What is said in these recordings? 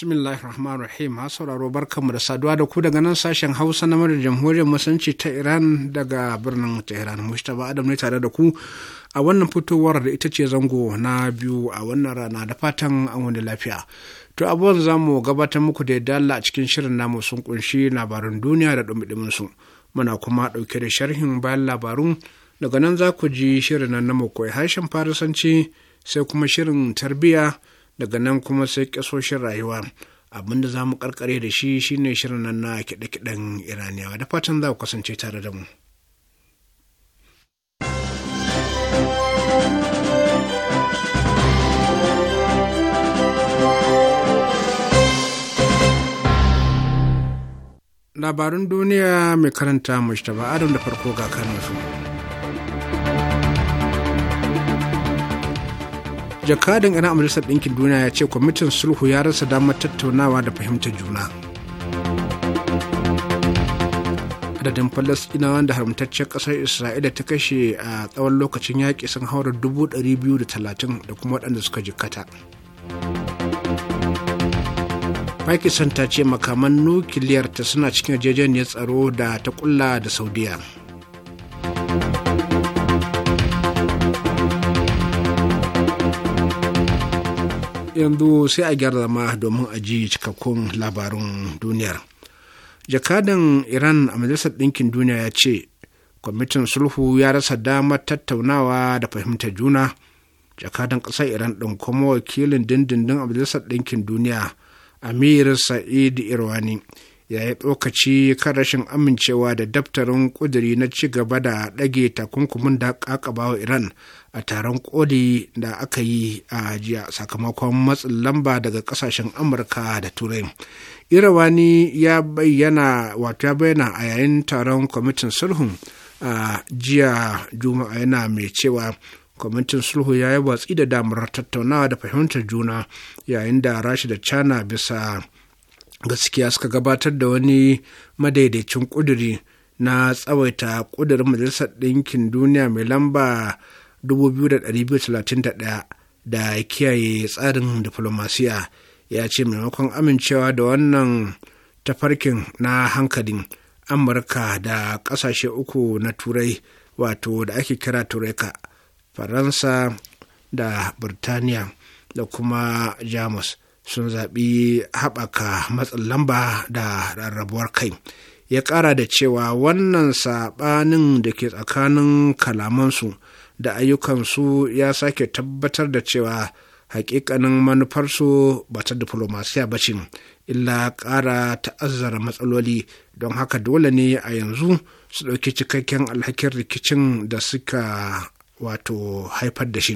bismillahir rahmanir rahim ha sauraro barkan mu da saduwa da ku daga nan sashen hausa na jamhuriyar musulunci ta iran daga birnin tehran mustapha adam ne tare da ku a wannan fitowar da ita ce zango na biyu a wannan rana da fatan an wani lafiya to abubuwan za mu gabatar muku da dala a cikin shirin namu sun kunshi labarin duniya da dumi su muna kuma dauke da sharhin bayan labarun daga nan za ku ji shirin nan na mu koyi harshen farisanci sai kuma shirin tarbiyya daga nan kuma sai kasoshin rayuwa abin da za mu karkare da shi shine shirin nan na kiɗe-kiɗen iraniyawa da fatan za ku kasance tare da mu labarun duniya mai karanta mu adam da farko ga su. jakadin yan majalisar ɗinkin duniya ya ce kwamitin sulhu ya rasa damar tattaunawa da fahimtar juna adadin falasɗinawan da haramtaccen ƙasar isra'ila ta kashe a tsawon lokacin yaƙi sun haura dubu ɗari biyu da talatin da kuma waɗanda suka jikkata pakistan ta ce makaman nukiliyarta suna cikin yarjejeniyar tsaro da ta kulla da saudiya yanzu sai a gyara zama domin a ji cikakkun labarun duniyar jakadan iran a majalisar ɗinkin duniya ya ce kwamitin sulhu ya rasa damar tattaunawa da fahimtar juna jakadan ƙasar iran ɗin kuma wakilin dindindin a majalisar ɗinkin duniya amir sa'id irwani ya yi tsokaci kan rashin amincewa da daftarin kuduri na ci gaba da ɗage takunkumin da iran a taron koli da aka yi a jiya sakamakon matsin lamba daga ƙasashen amurka da turai irawani ya bayyana wato ya bayyana a yayin taron kwamitin sulhun a jiya juma'a yana mai cewa kwamitin sulhu ya yi watsi da damar tattaunawa da fahimtar juna yayin da rashi da china bisa gaskiya suka gabatar da wani madaidaicin ƙuduri na tsawaita ƙudurin majalisar ɗinkin duniya mai lamba 2231 da kiyaye tsarin diflomasiya ya ce maimakon amincewa da wannan tafarkin na hankalin amurka da ƙasashe uku na turai wato da ake kira ka) faransa da birtaniya da kuma jamus sun zaɓi haɓaka matsin lamba da rarrabuwar kai ya ƙara da cewa wannan saɓanin da ke tsakanin kalamansu da ayyukansu ya sake tabbatar da cewa hakikanin manufarsu ba ta diflomasiya ba ce illa ƙara ta'azzara matsaloli don haka dole ne a yanzu su ɗauki cikakken alhakin rikicin da suka wato haifar da shi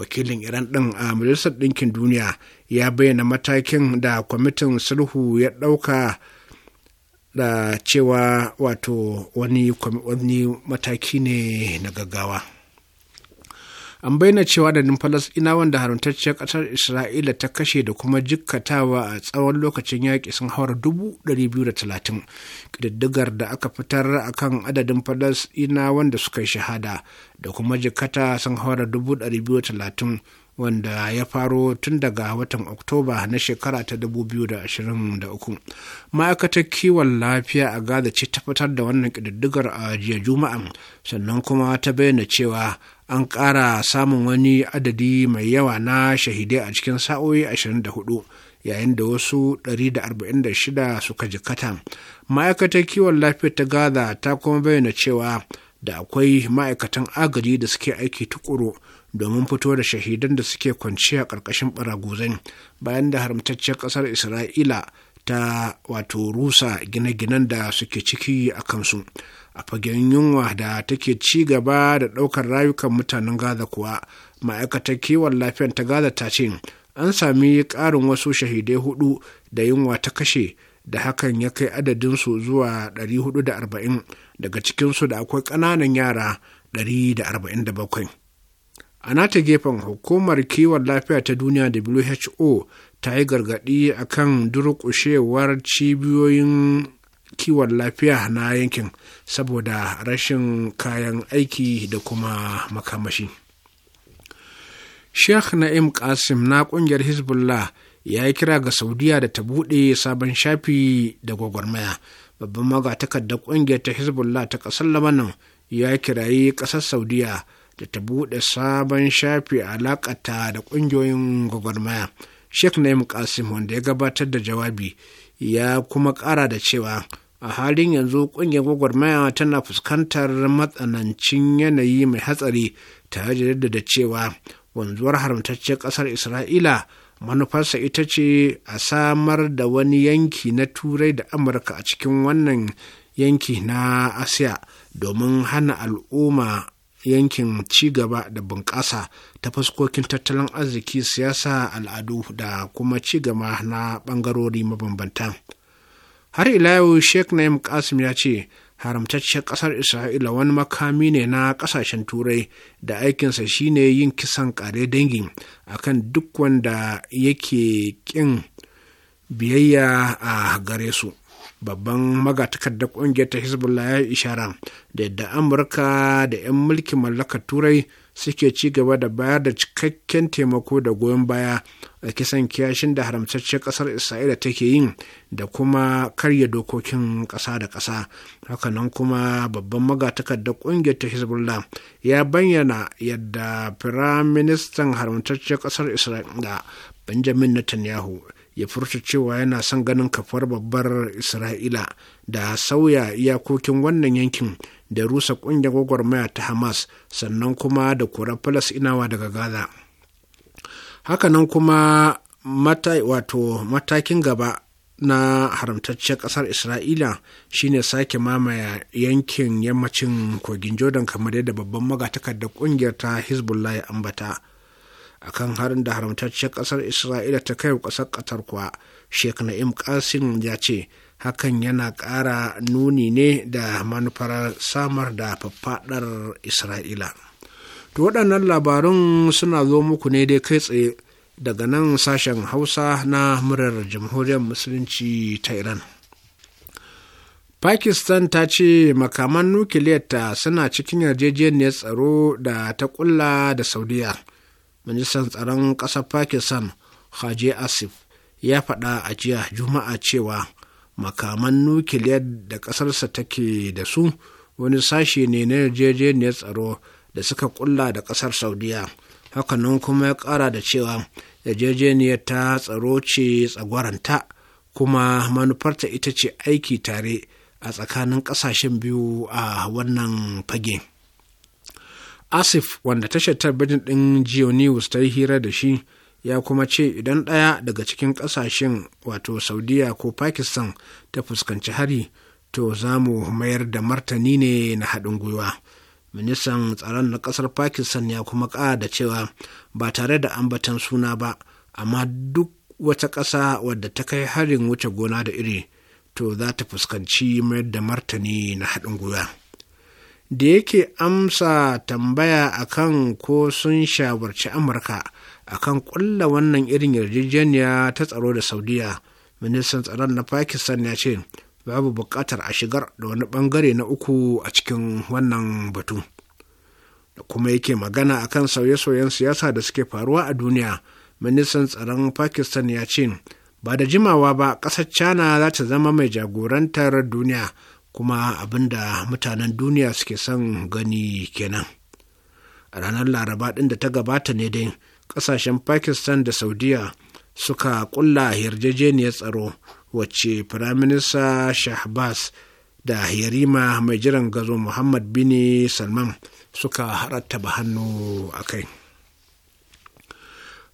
wakilin iran ɗin a majalisar ɗinkin duniya ya bayyana matakin da kwamitin sulhu ya ɗauka da cewa wato wani, wani mataki ne na gaggawa. an bayyana cewa adadin ina wanda haruntacciyar ƙasar isra'ila ta kashe da kuma jikkatawa a tsawon lokacin yaƙi sun haura dubu ɗari biyu da talatin ƙididdigar da aka fitar a kan adadin ina wanda suka yi shahada da kuma jikkata sun haura dubu ɗari biyu da talatin wanda ya faro tun daga watan oktoba na shekara ta 2023 ma'aikatar kiwon lafiya a gaza ce ta fitar da wannan ƙididdigar a jiya juma'a sannan kuma ta bayyana cewa an ƙara samun wani adadi mai yawa na shahidai a cikin sa'o'i 24 yayin da wasu 146 suka jikata ma'aikatar kiwon lafiya ta gaza ta kuma bayyana cewa da akwai ma'aikatan agaji da suke aiki tukuru domin fito da shahidan da suke kwanci a ƙarƙashin baraguzan bayan da haramtacciyar ƙasar isra'ila ta wato rusa gine-ginen da suke ciki a kansu a fagen yunwa da take ci gaba da ɗaukar rayukan mutanen gaza kuwa ma'aikatar kiwon lafiyar ta gaza ta ce an sami ƙarin wasu shahidai hudu da yunwa ta kashe da hakan ya kai adadinsu zuwa 440 daga cikinsu da akwai ƙananan yara 147 a nata gefen hukumar kiwon lafiya ta duniya who ta yi gargaɗi a kan durƙushewar cibiyoyin kiwon lafiya na yankin saboda rashin kayan aiki da kuma makamashi sheikh na'im qasim na ƙungiyar hezbollah ya yi kira ga saudiya da ta buɗe sabon shafi da gwagwarmaya babban magatakar da ƙungiyar ta hezbollah ta ƙasar lamanin ya kirayi ƙasar saudiya da ta buɗe sabon shafi alaƙata da ƙungiyoyin gwagwarmaya sheikh naim kasim wanda ya gabatar da jawabi ya kuma ƙara da cewa a halin yanzu ƙungiyar gwagwarmaya tana fuskantar matsanancin yanayi mai hatsari tare da jaddada cewa wanzuwar haramtaccen ƙasar isra'ila manufarsa ita ce a samar da wani yanki na turai da amurka a cikin wannan yanki na asiya domin hana al'umma yankin ci gaba da bunƙasa ta fuskokin tattalin arziki siyasa al'adu da kuma ci gaba na ɓangarori mabambanta har ila yau sheikh naim kasim ya ce haramtacciyar ƙasar isra'ila wani makami ne na ƙasashen turai da aikinsa shine yin kisan ƙare dangi akan duk wanda yake ƙin biyayya a gare su babban magatakardar ƙungiyar ta hezbollah ya yi ishara da yadda amurka da 'yan mulkin mallakar turai suke ci gaba da bayar da cikakken taimako da goyon baya a kisan kiyashin da haramtacce ƙasar isra'ila take yin da kuma karya dokokin ƙasa da ƙasa hakanan kuma babban magatakardar ƙungiyar ta hezbollah ya bayyana yadda firaministan haramtacce ƙasar isra'ila benjamin netanyahu ya furta cewa yana son ganin kafar babbar isra'ila da sauya iyakokin wannan yankin da rusa ƙungiyar gwagwarmaya ta hamas sannan kuma da kura falasinawa daga gaza hakanan kuma wato matakin gaba na haramtacciyar ƙasar isra'ila shine sake mamaya yankin yammacin kogin jordan kamar yadda babban magatakar da ƙungiyar ta hezbollah ya ambata akan harin da haramtacciyar ƙasar isra'ila ta kai wa ƙasar ƙatar kuwa sheikh na'im qasim ya ce hakan yana ƙara nuni ne da manufar samar da faffaɗar isra'ila to waɗannan labarun suna zo muku ne dai kai tsaye daga nan sashen hausa na murar jamhuriyar musulunci ta iran pakistan ta ce makaman nukiliyarta suna cikin yarjejeniyar tsaro da ta kulla da saudiya ministan tsaron ƙasar pakistan haji asif ya faɗa a jiya juma'a cewa makaman nukiliyar da ƙasarsa take da su wani sashi ne na yarjejeniyar tsaro da suka kulla da ƙasar saudiya hakanan kuma ya ƙara da cewa yarjejeniyar ta tsaro ce tsagwaranta kuma manufarta ita ce aiki tare a tsakanin ƙasashen biyu a wannan fage asif wanda tashar talabijin ɗin geo news ta yi hira da shi ya kuma ce idan ɗaya daga cikin ƙasashen wato saudiya ko pakistan ta fuskanci hari to za mu mayar da martani ne na haɗin gwiwa ministan tsaron na ƙasar pakistan ya kuma ƙara da cewa ba tare da ambatan suna ba amma duk wata ƙasa wadda ta kai harin wuce gona da iri to za ta fuskanci mayar da martani na haɗin gwiwa da yake amsa tambaya akan ko sun shawarci amurka akan kulla wannan irin yarjejeniya ta tsaro da saudiya ministan tsaron na pakistan ya ce babu buƙatar a shigar da wani ɓangare na uku a cikin wannan batu da kuma yake magana akan sauye-sauyen siyasa da suke faruwa a duniya ministan tsaron pakistan ya ce ba da jimawa ba ƙasar china za ta zama mai jagorantar duniya kuma abinda mutanen duniya suke son gani kenan a ranar laraba ɗin da ta gabata ne dai ƙasashen pakistan da saudiya suka ƙulla yarjejeniyar tsaro wacce firaminista shahbaz da yarima mai jiran gazo muhammad bin salman suka ba hannu a kai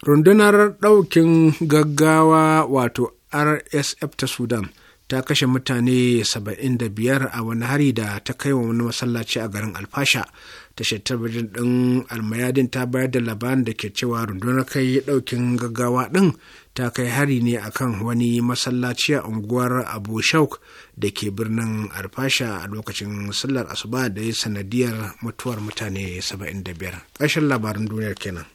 rundunar ɗaukin gaggawa wato rsf ta sudan ta kashe mutane 75 a wani hari da ta kai wa wani masallaci a garin alfasha tashar talabijin ɗin almayadin ta bayar da labarin da ke cewa rundunar kai ɗaukin gaggawa ɗin ta kai hari ne akan wani masallaci a unguwar abu shauk da ke birnin alfasha a lokacin sallar asuba da ya sanadiyar mutuwar mutane 75 ƙarshen labarin duniyar kenan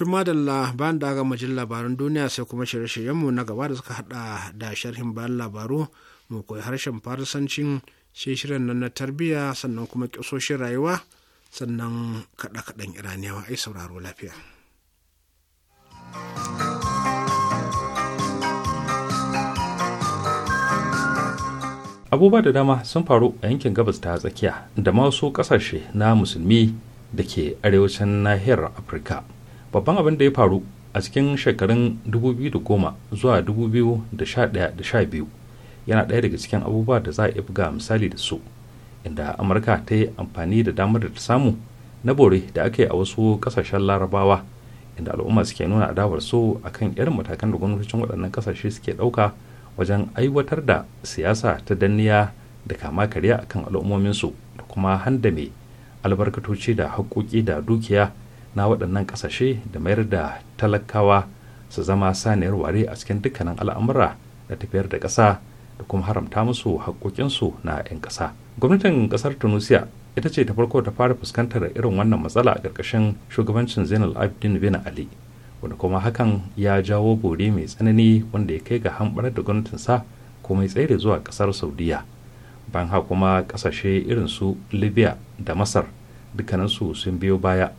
tun madalla bayan da aka majin labaran duniya sai kuma shirye-shiryenmu na gaba da suka hada da sharhin bayan labaru mu koyi harshen farisancin sai shirin nan na tarbiyya sannan kuma kisoshin rayuwa sannan kaɗa-kaɗan iraniyawa ai sauraro lafiya. abubuwa da dama sun faru a yankin gabas ta tsakiya da masu kasashe na musulmi da ke arewacin nahiyar afirka babban abin da ya faru a cikin shekarun 2010 zuwa 2011-12 yana ɗaya daga cikin abubuwa da za a iya buga misali da su inda amurka ta yi amfani da damar da ta samu na bore da aka yi a wasu ƙasashen larabawa inda al'umma suke nuna adawar so kan irin matakan da gwamnatocin waɗannan ƙasashe suke ɗauka wajen aiwatar da siyasa ta danniya da kama karya akan su da kuma handame albarkatoci da haƙoƙi da dukiya na waɗannan ƙasashe da mayar da talakawa su zama saniyar ware a cikin dukkanin al'amura da tafiyar da ƙasa da kuma haramta musu haƙoƙinsu na 'yan ƙasa gwamnatin ƙasar tunisia ita ce ta farko ta fara fuskantar irin wannan matsala a ƙarƙashin shugabancin zainal abidin bin ali wanda kuma hakan ya jawo bore mai tsanani wanda ya kai ga hamɓarar da gwamnatinsa kuma ya tsere zuwa ƙasar saudiya ban ha kuma ƙasashe irin su libya da masar dukkaninsu sun biyo baya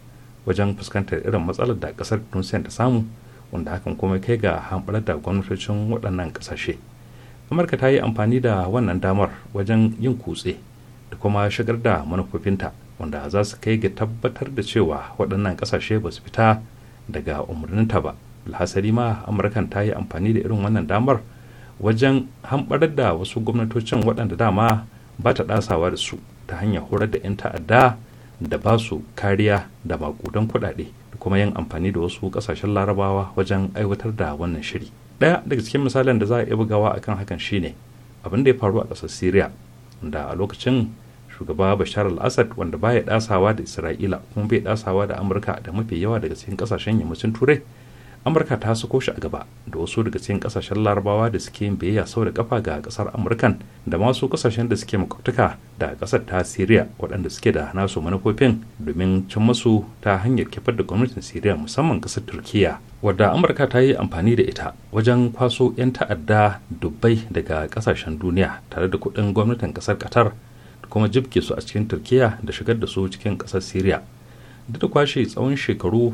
wajen fuskantar irin matsalar da kasar tunisia ta samu wanda hakan kuma kai ga hamɓarar da gwamnatocin waɗannan ƙasashe amurka ta yi amfani da wannan damar wajen yin kutse da kuma shigar da manufofinta wanda za su kai ga tabbatar da cewa waɗannan ƙasashe ba su fita daga umarninta ba alhasari ma amurkan ta yi amfani da irin wannan damar wajen hamɓarar da wasu gwamnatocin waɗanda dama ba ta ɗasawa da su ta hanyar horar da 'yan ta'adda da ba su kariya da makudan kuɗaɗe da kuma yin amfani da wasu ƙasashen larabawa wajen aiwatar da wannan shiri ɗaya daga cikin misalin da za a iya bugawa akan hakan shine abin da ya faru a ƙasar syria da a lokacin shugaba bashar al-assad wanda baya ɗasawa da isra'ila kuma bai ɗasawa da amurka da mafi yawa daga cikin ƙasashen yammacin turai amurka ta suko shi a gaba da wasu daga cikin kasashen larabawa da suke yin biyayya sau da kafa ga kasar amurkan da masu kasashen da suke makwabtaka da kasar ta syria waɗanda suke da nasu manufofin domin cin masu ta hanyar kifar da gwamnatin syria musamman kasar turkiya wadda amurka ta yi amfani da ita wajen kwaso 'yan ta'adda dubbai daga kasashen duniya tare da kuɗin gwamnatin kasar qatar da kuma jibke su a cikin turkiya da shigar da su cikin kasar syria duk da kwashe tsawon shekaru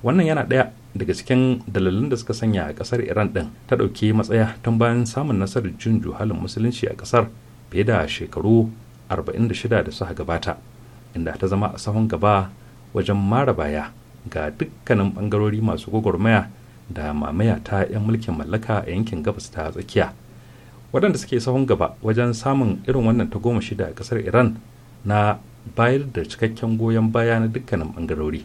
wannan yana ɗaya daga cikin dalilan da suka sanya a ƙasar iran ɗin ta ɗauki matsaya tun bayan samun nasarar jin juhalin musulunci a ƙasar fiye da shekaru 46 da suka gabata inda ta zama a sahun gaba wajen mara baya ga dukkanin bangarori masu gwagwarmaya da mamaya ta 'yan mulkin mallaka a yankin gabas ta tsakiya waɗanda suke sahun gaba wajen samun irin wannan ta goma shida a ƙasar iran na bayar da cikakken goyon baya na dukkanin bangarori.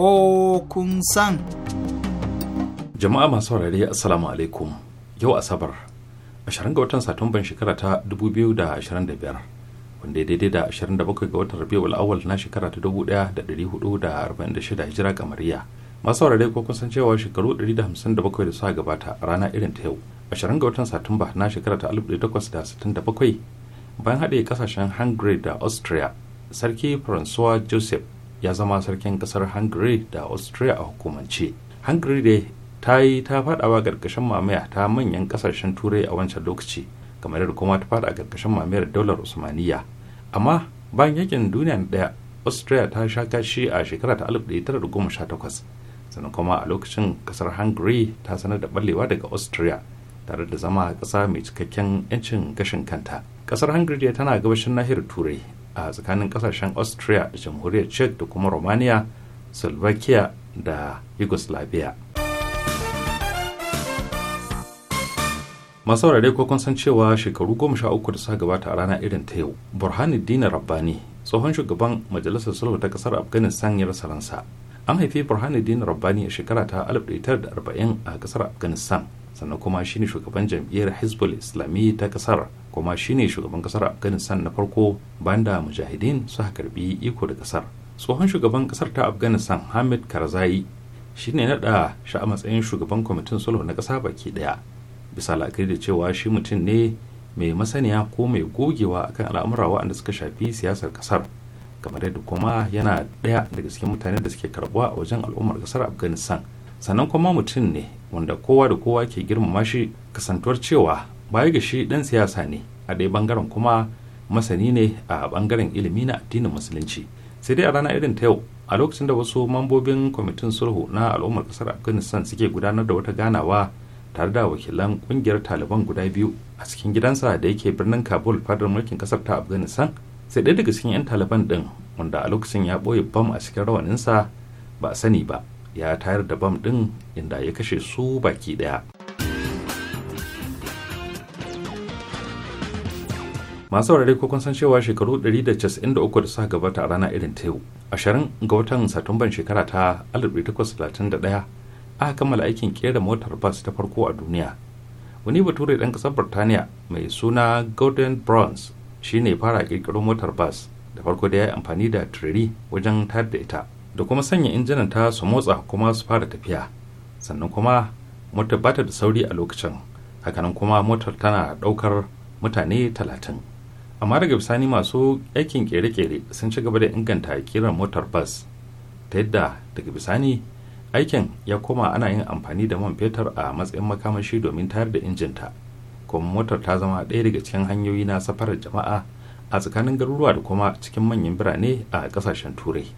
ko kun san. Jama'a masu saurare Assalamu alaikum yau Asabar 20 ga watan Satumban shekara ta 2025 wanda daidai da 27 ga watan Rabiul awal na shekara ta 1446 Hijira kamariya. Masu saurare ko kun san cewa shekaru 157 da suka gabata rana irin ta yau 20 ga watan Satumba na shekara ta 1867 bayan haɗe kasashen Hungary da Austria sarki Francois Joseph ya zama sarkin kasar hungary da austria a hukumance hungary dai ta yi ta fadawa garkashin mamaya ta manyan kasashen turai a wancan lokaci kamar yadda kuma ta fada a karkashin mamayar daular usmaniya amma bayan yakin duniya na daya austria ta sha kashi a shekara ta 1918 sannan kuma a lokacin kasar hungary ta sanar da ballewa daga austria tare da zama kasa mai cikakken 'yancin gashin kanta kasar hungary tana gabashin nahiyar turai a tsakanin kasashen austria da jamhuriyar czech da kuma romania slovakia da yugoslavia masu saurare ko kun san cewa shekaru goma sha uku da suka gabata a rana irin ta yau burhanuddin rabbani tsohon shugaban majalisar sulhu ta kasar afghanistan ya rasa ransa an haifi burhanuddin rabbani a shekara ta 1940 a kasar afghanistan sannan kuma shine shugaban jam'iyyar hezbollah islamiyya ta kasar kuma shine shugaban kasar afghanistan na farko banda da mujahideen suka karbi iko da kasar tsohon shugaban kasar ta afghanistan hamid karzai shine nada shi a matsayin shugaban kwamitin sulhu na kasa baki daya bisa la'akari da cewa shi mutum ne mai masaniya ko mai gogewa akan al'amura waɗanda suka shafi siyasar kasar kamar yadda kuma yana daya daga cikin mutane da suke karbuwa a wajen al'ummar kasar afghanistan sannan kuma mutum ne wanda kowa da kowa ke girmama shi kasantuwar cewa baya ga shi dan siyasa ne a dai bangaren kuma masani ne a bangaren ilimi na addinin musulunci sai dai a rana irin ta yau a lokacin da wasu mambobin kwamitin sulhu na al'ummar kasar afghanistan suke gudanar da wata ganawa tare da wakilan kungiyar taliban guda biyu a cikin gidansa da yake birnin kabul fadar mulkin kasar ta afghanistan sai ɗaya daga cikin 'yan taliban din wanda a lokacin ya ɓoye bam a cikin rawaninsa ba a sani ba ya tayar da bam din inda ya kashe su baki ɗaya masu wurare ko kun san cewa shekaru 193 da suka gabata a rana irin ta yau ashirin ga watan satumban shekara ta 1831 aka kammala aikin kera motar bas ta farko a duniya wani bature dan kasar birtaniya mai suna golden shi shine fara kirkiro motar bas da farko da ya yi amfani da turiri wajen tayar da ita da kuma sanya injinan ta su motsa kuma su fara tafiya sannan kuma motar bata da sauri a lokacin hakanan kuma motar tana daukar mutane talatin amma daga bisani masu aikin kere-kere sun ci gaba da inganta kiran motar bas ta yadda daga bisani aikin ya koma ana yin amfani da man fetur a matsayin makamashi domin tayar da injinta kuma motar ta zama ɗaya daga cikin hanyoyi na safarar jama'a a tsakanin garuruwa da kuma cikin manyan birane a ƙasashen turai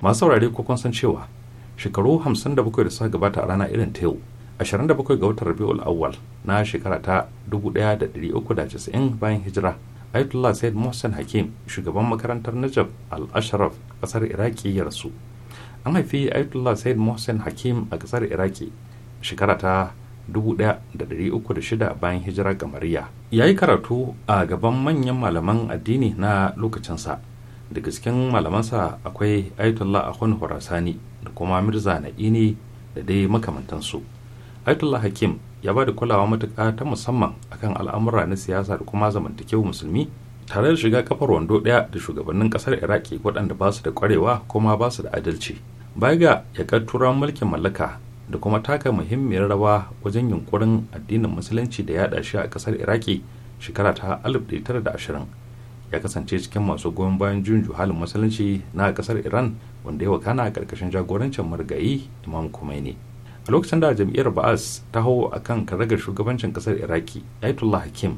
masu saurare ko san cewa shekaru 57 da suka gabata a rana irin ta yau 27 ga watan rabiul awwal na shekara ta 1390 bayan hijira ayatollah said mohsen hakim shugaban makarantar najab al-ashraf kasar iraki ya rasu an haifi ayatollah said mohsen hakim a kasar iraki shekara ta 1306 bayan hijira gamariya ya yi karatu a gaban manyan malaman addini na lokacinsa daga cikin malamansa akwai ayatollah ahun horasani da kuma mirza na'ini da dai makamantansu Aitullah Hakim ya ba da kulawa matuƙa ta musamman akan al'amura na siyasa da kuma zamantakewa musulmi tare da shiga kafar wando ɗaya da shugabannin ƙasar Iraki waɗanda ba su da ƙwarewa kuma ba su da adalci. Baya ga yakar turawan mulkin mallaka da kuma taka muhimmiyar rawa wajen yunƙurin addinin musulunci da yaɗa shi a ƙasar Iraki shekara ta 1920 ya kasance cikin masu goyon bayan junju halin musulunci na ƙasar Iran wanda ya wakana a ƙarƙashin jagorancin marigayi Imam Khomeini. a lokacin da jam'iyyar ba'as ta hau a kan karagar shugabancin kasar iraki ayatollah hakim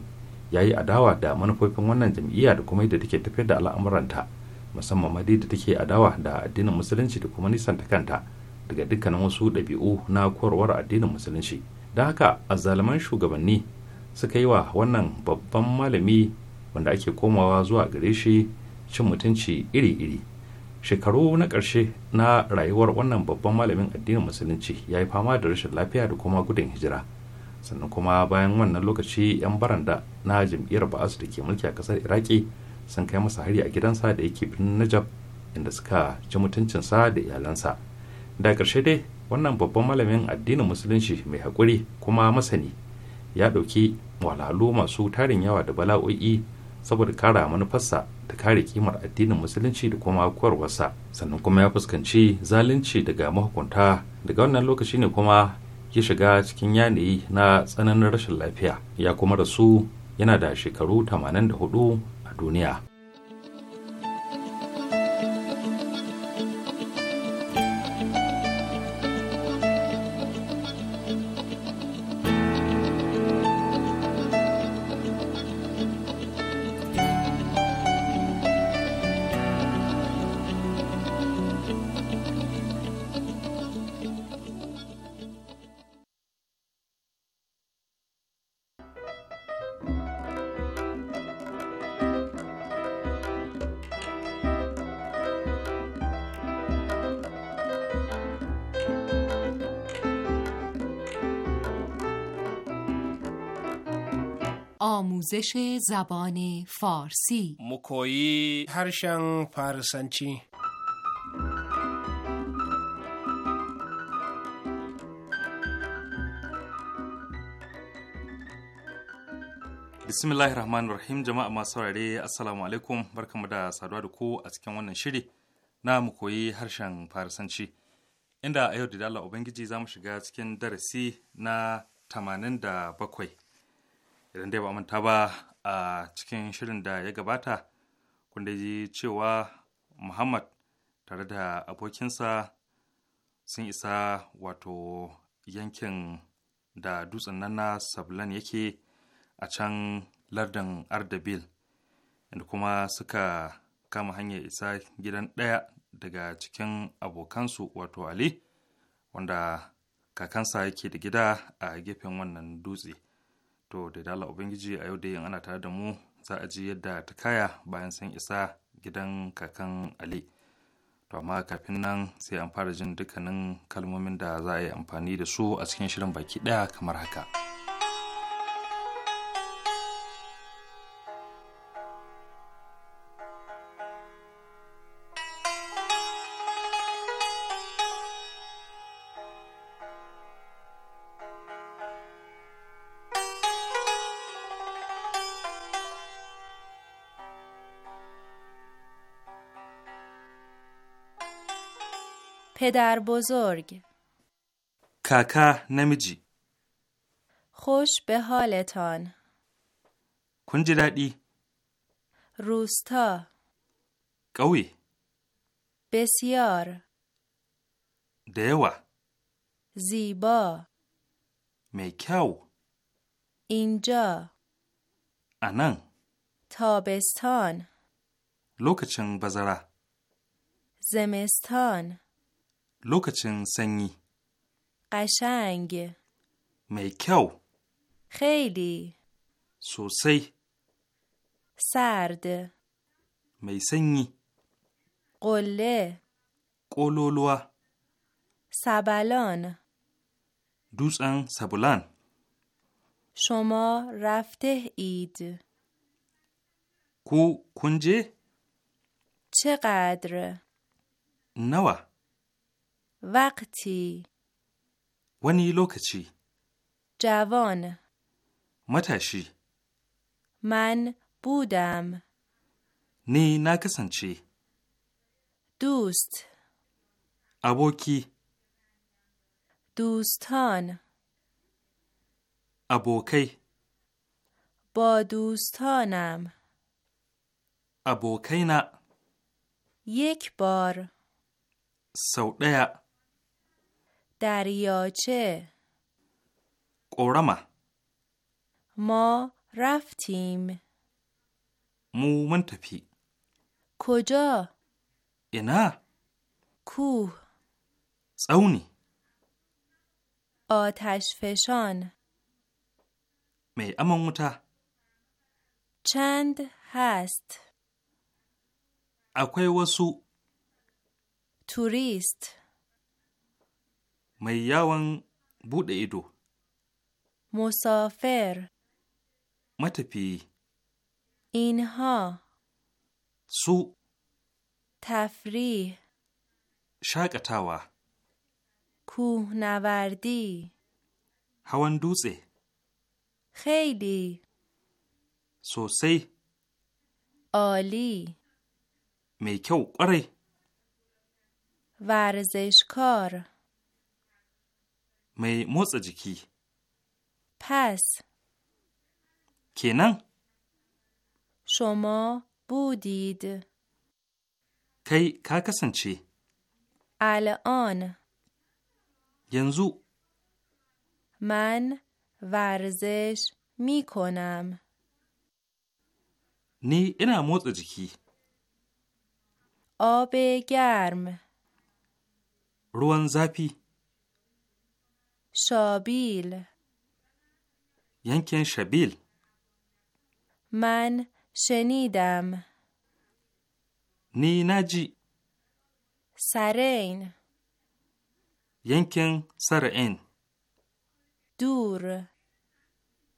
ya yi adawa da manufofin wannan jam'iyya da kuma yadda take tafiyar da al'amuranta musamman ma da take adawa da addinin musulunci da kuma nisan ta kanta daga dukkanin wasu ɗabi'u na korowar addinin musulunci don haka azzaluman shugabanni suka yi wa wannan babban malami wanda ake komawa zuwa gare shi cin mutunci iri-iri shekaru na ƙarshe na rayuwar wannan babban malamin addinin musulunci ya yi fama da rashin lafiya da kuma gudun hijira sannan kuma bayan wannan lokaci 'yan baranda na jam'iyyar ba'asu da ke mulki a ƙasar iraki sun kai masa hari a gidansa da yake birnin najab inda suka ci mutuncinsa da iyalansa da ƙarshe dai wannan babban malamin addinin musulunci mai haƙuri kuma masani ya ɗauki walalu masu tarin yawa da bala'o'i saboda kara manufarsa ta kare kimar addinin musulunci da kuma koyarwarsa sannan kuma ya fuskanci zalunci daga mahukunta daga wannan lokaci ne kuma ya shiga cikin yanayi na tsananin rashin lafiya ya kuma rasu yana da shekaru 84 a duniya آموزش زبان فارسی مکویی هرشن فارسنچی bismillahir rahmanir rahim jama'a masu saurare assalamu alaikum barkamu da saduwa da ku a cikin wannan shiri na mu koyi harshen farisanci inda a yau da dala ubangiji za mu shiga cikin darasi na 87 idan dai ba manta ba a cikin shirin da ya gabata kunda ji cewa muhammad tare da abokinsa sun isa wato yankin da dutsen nan na sablan yake a can lardin ardabil inda kuma suka kama hanyar isa gidan ɗaya daga cikin abokansu wato ali wanda kakansa yake da gida a gefen wannan dutse to da dala ubangiji a yau da yin ana tare da mu za a ji yadda ta kaya bayan sun isa gidan kakan ali to amma kafin nan sai an fara jin dukkanin kalmomin da za a yi amfani da su a cikin shirin baki ɗaya kamar haka. پدر بزرگ کاکا نمیجی خوش به حالتان کنج دادی روستا قوی بسیار دیوا زیبا میکاو اینجا آنن تابستان لوکچن بزرا زمستان لوکچن سنی قشنگ میکاو خیلی سوسی سرد میسنی قله قلولوا سبلان دوستان سبلان شما رفته اید کو کنجه چقدر نوه وقتی ونی چی؟ جوان متشی من بودم نی چی؟ دوست ابوکی دوستان ابوکی با دوستانم ابوکی نه یک بار دریاچه قرمه ما رفتیم مومن تپی تفی کجا اینا کوه سونی. آتش فشان می امونتا چند هست اکوی وسو توریست می بود ایدو مسافر متپی اینها سو تفریح شاقتاوا کوهنوردی هوان دوزه خیلی سوسی عالی میکو قره ورزشکار می motsa jiki. پس کنن شما بودید کی کا چی؟ الان ینزو من ورزش می کنم نی اینا motsa jiki آب گرم روان زاپی شابیل ینکن یعنی شبیل من شنیدم نی نجی سرین ینکن یعنی سرین دور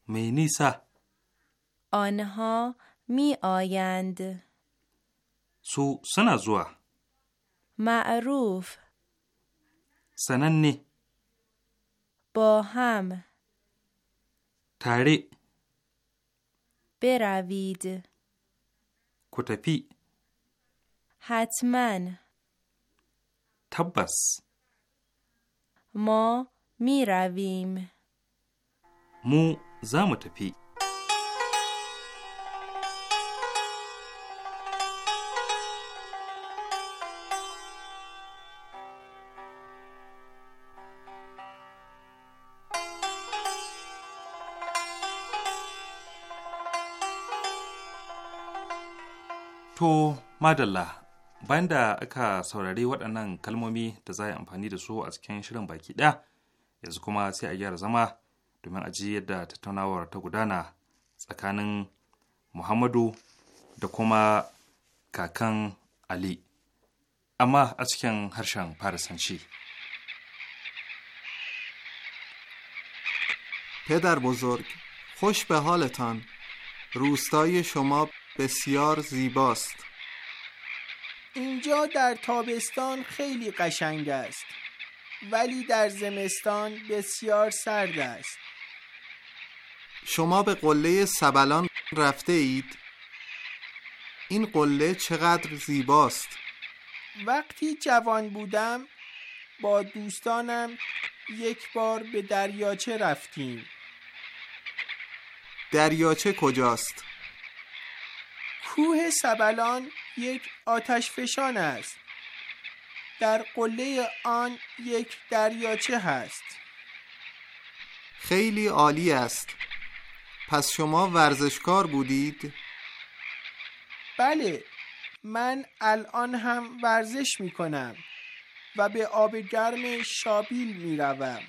مینیسا آنها می آیند سو سنزوه معروف سننی با هم تاری بروید کتپی حتما تبس ما می رویم مو زامو تپی madalla bayan da aka saurari waɗannan kalmomi da za a yi amfani da su a cikin shirin baki ɗaya yanzu kuma sai a gyara zama domin a ji yadda tattaunawar ta gudana tsakanin muhammadu da kuma kakan ali amma a cikin harshen farisanci پدر بزرگ خوش به حالتان روستای شما بسیار زیباست اینجا در تابستان خیلی قشنگ است ولی در زمستان بسیار سرد است شما به قله سبلان رفته اید؟ این قله چقدر زیباست وقتی جوان بودم با دوستانم یک بار به دریاچه رفتیم دریاچه کجاست؟ کوه سبلان یک آتش فشان است در قله آن یک دریاچه هست خیلی عالی است پس شما ورزشکار بودید؟ بله من الان هم ورزش می کنم و به آب گرم شابیل می روم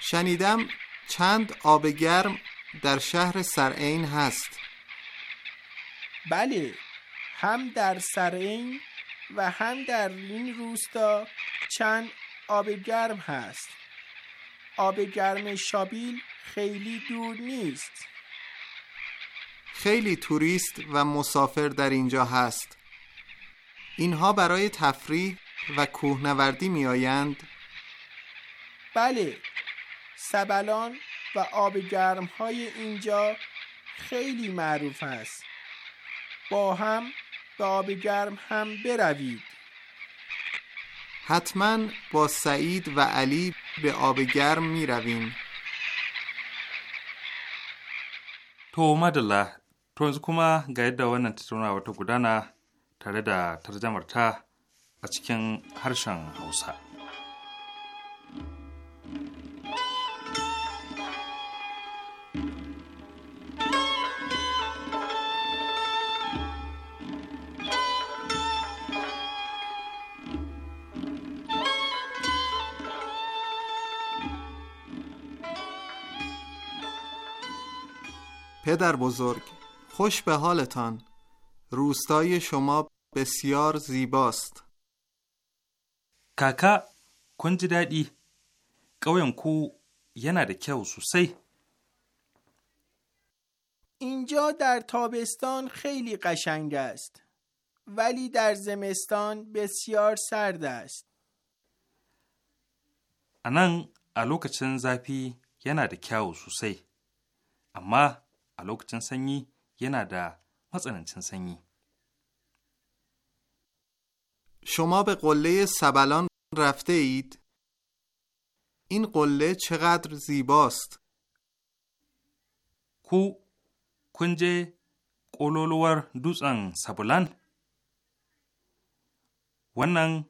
شنیدم چند آب گرم در شهر سرعین هست بله هم در سرین و هم در این روستا چند آب گرم هست آب گرم شابیل خیلی دور نیست خیلی توریست و مسافر در اینجا هست اینها برای تفریح و کوهنوردی می آیند؟ بله سبلان و آب گرم های اینجا خیلی معروف است با هم آب گرم هم بروید حتما با سعید و علی به آب گرم می رویم تو اومد الله تو از کما گاید دوانا تتونا و تو گدانا تره دا ترجمه تا اچکن هرشان حوصه پدر بزرگ خوش به حالتان روستای شما بسیار زیباست کاکا kun دادی؟ قویم کو یه و سوسی اینجا در تابستان خیلی قشنگ است ولی در زمستان بسیار سرد است انان ا lokacin zafi یه da و اما؟ a lokacin sanyi yana da matsanancin sanyi. شما به قله سبلان رفته اید؟ این قله چقدر زیباست. کو کنجه قلولوار دوزن سبلان ونن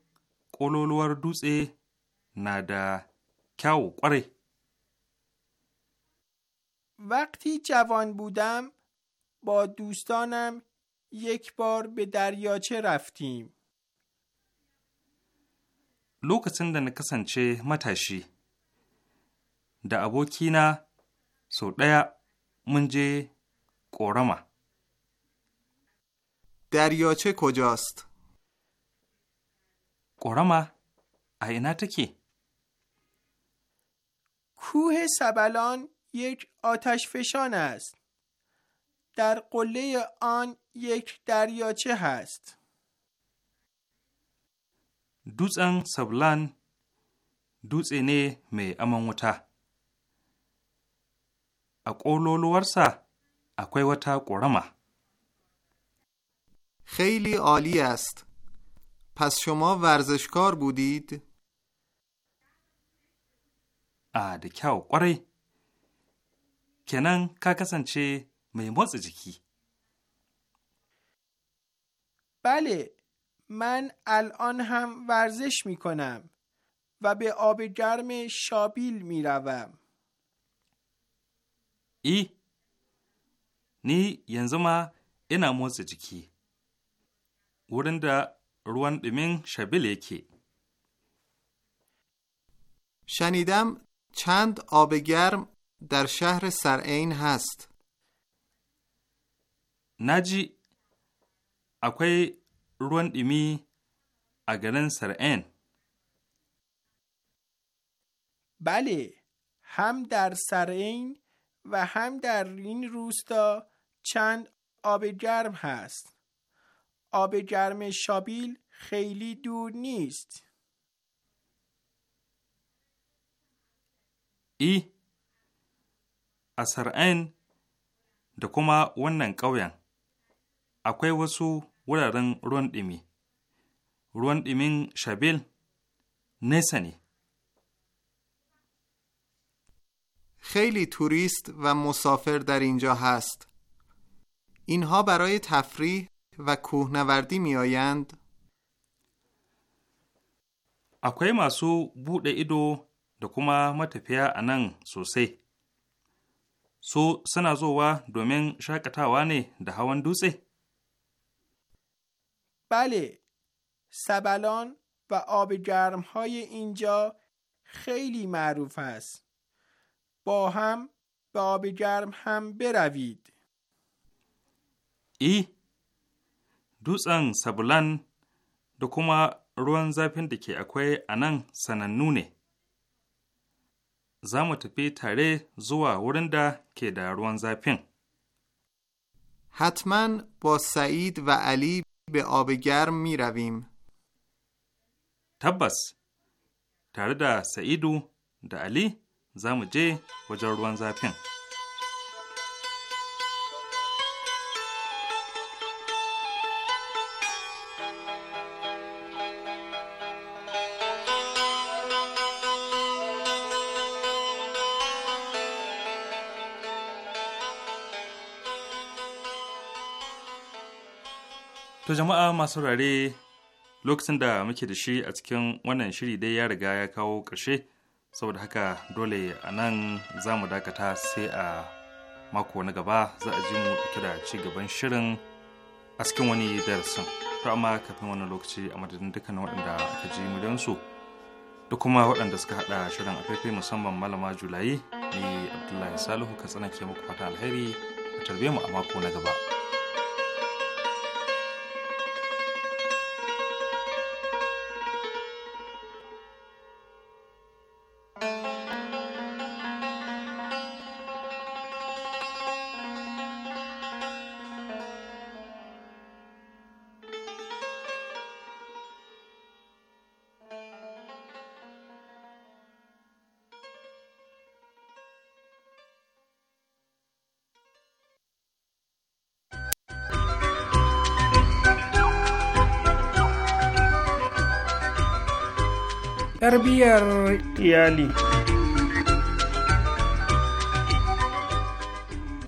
دوسه دوزه نادا کیاو قره وقتی جوان بودم با دوستانم یک بار به دریاچه رفتیم. لوکسن دا نکسنچه متشی دا ابو کینا سو دیا منجه قورما دریاچه کجاست؟ قورما اینا تکی کوه سبلان یک آتش فشان است. در قله آن یک دریاچه هست. دوزن سبلان دوزه می امان وتا. A ƙololuwarsa وطا قرما خیلی عالی است. پس شما ورزشکار بودید؟ آ da قره کنن که کسنچه میموز جکی بله من الان هم ورزش می کنم و به آب گرم شابیل می روم. ای نی ینزو ما اینا موز جکی ورن دا روان شابیل که شنیدم چند آب گرم در شهر سرعین هست نجی اکوی روان دیمی اگرن سرعین بله هم در سرعین و هم در این روستا چند آب گرم هست آب گرم شابیل خیلی دور نیست ای a Sar'ain da kuma wannan ƙauyen, akwai wasu wuraren ruwan ɗumi. Ruwan ɗumin Shabil nesa ne. خیلی توریست و مسافر در اینجا هست. اینها برای تفریح و کوهنوردی می آیند. akwai masu buɗe ido da kuma matafiya a nan sosai. su suna zowa domin shaƙatawa ne da hawan dutse? Bale, Sabalon و آب گرم های اینجا خیلی معروف است. با هم به آب گرم هم dutsen sabulan da kuma ruwan zafin da ke akwai a nan sanannu ne. za mu tafi tare zuwa wurin da ke da ruwan zafin. حتما با سعید و علی به آب گرم می رویم. تبس تاره دا سعیدو دا علی زمجه وجه روان زافین. To jama'a masu rare lokacin da muke da shi a cikin wannan shiri dai ya riga ya kawo ƙarshe saboda haka dole a nan za mu dakata sai a mako na gaba za a ji mu ɗauke da ci gaban shirin a cikin wani darasin. To amma kafin wannan lokaci a madadin dukkanin waɗanda aka ji su da kuma waɗanda suka haɗa shirin a faifai musamman malama julayi ni abdullahi salihu katsina ke muku fata alheri a tarbe mu a mako na gaba. lafiyar iyali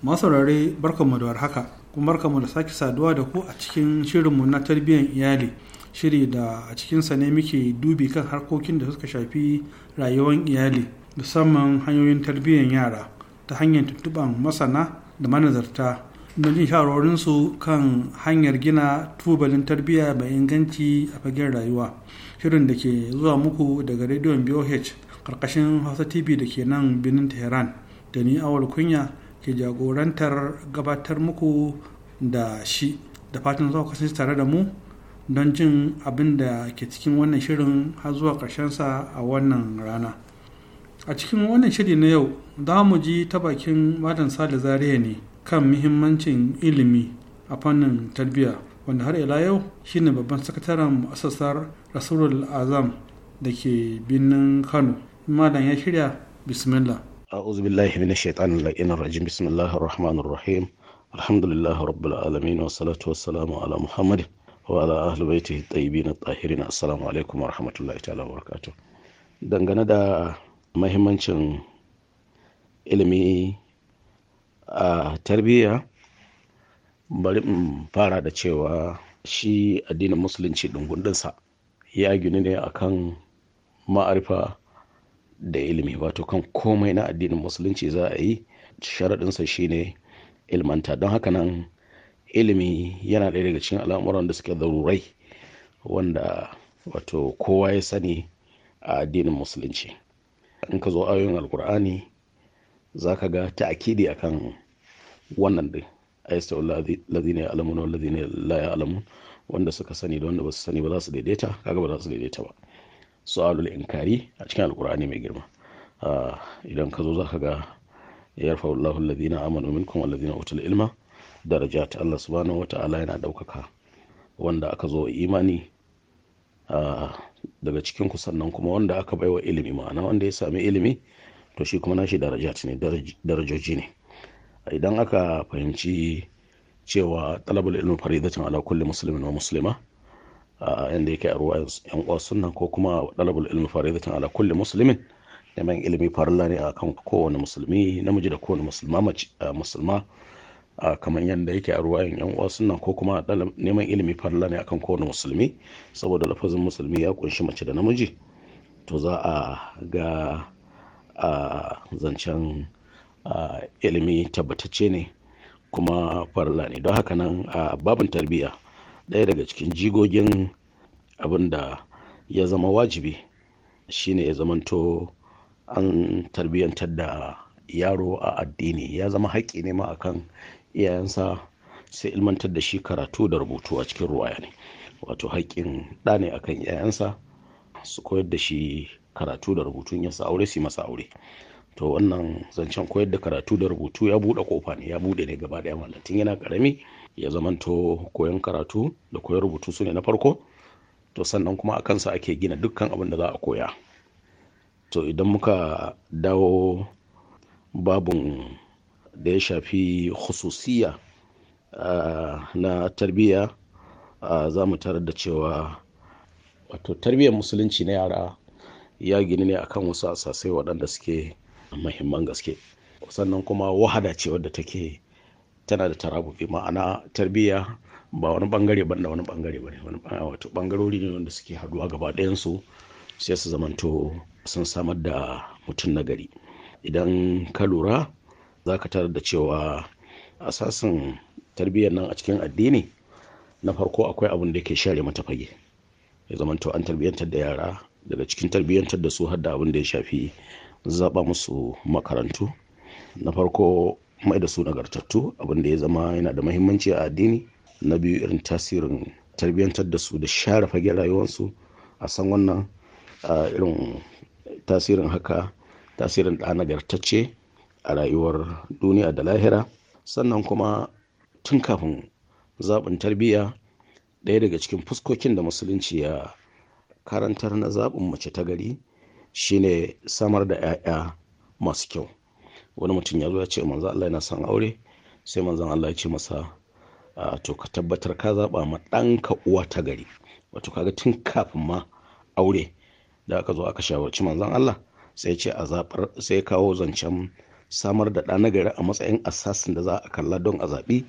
masaurare barkanmu da warhaka kuma barkanmu da sake saduwa da ku a cikin shirinmu na tarbiyyar iyali shiri da a cikinsa ne muke dubi kan harkokin da suka shafi rayuwar iyali musamman hanyoyin tarbiyyar yara ta hanyar tuntuɓan masana da manazarta don jin shawarorinsu kan hanyar gina tubalin tarbiyya mai inganci a fagen rayuwa shirin da ke zuwa muku daga rediyon boh karkashin hausa tv da ke nan birnin tehran da ni awal kunya ke jagorantar gabatar muku da shi da fatan zuwa kasance tare da mu don jin abin da ke cikin wannan shirin har zuwa sa a wannan rana a cikin wannan shiri na yau za mu ji ta bakin madan sale zaria ne kan muhimmancin ilimi a fannin tarbiyya wanda har ila yau shine babban sakataren asasar rasulul azam da ke birnin kano malam ya shirya bismillah أعوذ بالله من الشيطان اللعين الرجيم بسم الله الرحمن الرحيم الحمد لله رب العالمين والصلاة والسلام على محمد وعلى أهل بيته الطيبين الطاهرين السلام عليكم ورحمة الله تعالى وبركاته dangane da mahimmancin ilimi a tarbiyya bari in fara da cewa shi addinin musulunci ɗungundinsa ya gini ne akan ma'arifa da ilimi wato kan komai na addinin musulunci za a yi sharaɗinsa shine ilmanta don haka nan ilimi yana ɗaya daga cikin al'amuran da suke zarurai wanda wato kowa ya sani a addinin musulunci in ka zo ayoyin alkur'ani za ka ga ta'akidi akan wannan dai a yasta lazina ya alamun na lazina la ya alamun wanda suka sani da wanda ba su sani ba za su daidaita kaga ba za su daidaita ba su'alul inkari a cikin alkur'ani mai girma ah, idan ka zo za ka ga yarfa wallahu alladhina amanu minkum walladhina utul ilma darajat Allah subhanahu ta'ala yana daukaka wanda aka zo imani ah, daga cikin ku sannan kuma wanda aka baiwa ilimi ma'ana wanda ya sami ilimi to shi kuma nashi darajat ne darajoji ne idan aka fahimci cewa talabul ilmi faridatun ala kulli musulmin wa musulma, yadda yake a ruwa yan uwa sunna ko kuma talabul ilmi faridatun ala kulli musulmin, neman ilimi farilla ne kan kowane musulmi namiji da kowane musulma mace musulma kamar yadda yake a ruwayan yan uwa sunan ko kuma neman ilimi farilla ne akan kowane musulmi saboda lafazin musulmi ya kunshi mace da namiji to za a ga zancen ilimi tabbatacce ne kuma farla ne don haka nan a babin tarbiyya ɗaya daga cikin jigogin abin da ya zama wajibi shine ya zamanto an tarbiyyantar da yaro a addini ya zama haƙƙi ne ma akan iyayensa sai ilmantar da shi karatu da rubutu a cikin ruwaya ne wato haƙƙin ɗa ne akan iyayensa su koyar da shi karatu da rubutun yasa aure su yi masa aure to wannan zancen koyar da karatu da rubutu ya buɗe kofa ne ya buɗe ne gaba ɗaya mallatin yana ƙarami ya zamanto koyon karatu da koyar rubutu su ne na farko to sannan kuma a kansa ake gina dukkan abin da za a koya to idan muka dawo babun da ya shafi hususiya ah, na tarbiyya ah, za mu tarar da cewa wato tarbiyyar musulunci na yara ya gini ne akan wasu asasai waɗanda suke mahimman gaske sannan kuma wahada ce wadda take tana da tarabufi ma'ana tarbiyya ba wani bangare ba da wani bangare ba wani wato bangarori ne wanda suke haduwa gaba ɗayansu sai su zamanto sun samar da mutum nagari idan ka lura za ka tarar da cewa asasin tarbiyyar nan a cikin addini na farko akwai abin da yake share mata fage ya zamanto an tarbiyyantar da yara daga cikin tarbiyyantar da su har da abin da ya shafi zaɓa musu makarantu na farko mai da su nagartattu abinda ya zama yana da mahimmanci a addini na biyu irin tasirin tarbiyyantar da su da share fage rayuwarsu a san wannan irin tasirin haka tasirin da nagartacce a rayuwar duniya da lahira sannan kuma tun kafin zaɓin tarbiyya ɗaya daga cikin fuskokin da musulunci ya karantar na zaɓin mace ta gari Shi ne samar da 'ya'ya masu kyau wani mutum ya zo ya ce manzo Allah yana son aure sai manzon Allah ya ce masa to ka tabbatar ka zaba ma ɗanka uwa ta gari wato kaga tun kafin ma aure da aka zo aka shawarci manzon Allah sai ce a zabar sai kawo zancen samar da ɗa nagari a matsayin assassin da za a kalla don a zaɓi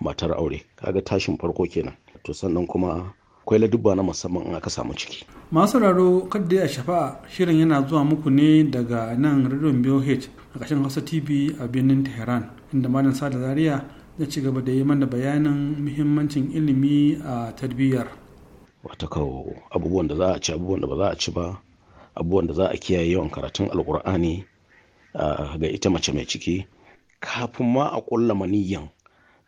matar aure kaga tashin farko kenan to sannan kuma akwai ladubba na musamman in aka samu ciki. Masu raro kadda a shafa'a shirin yana zuwa muku ne daga nan radion BOH a ƙarshen Hausa TV a birnin Tehran inda Malam Sada Zaria ya ci gaba da yi mana bayanin muhimmancin ilimi a tarbiyyar. Wata kawo abubuwan da za a ci abubuwan da ba za a ci ba abubuwan da za a kiyaye yawan karatun alkur'ani ga ita mace mai ciki kafin ma a kulla maniyan.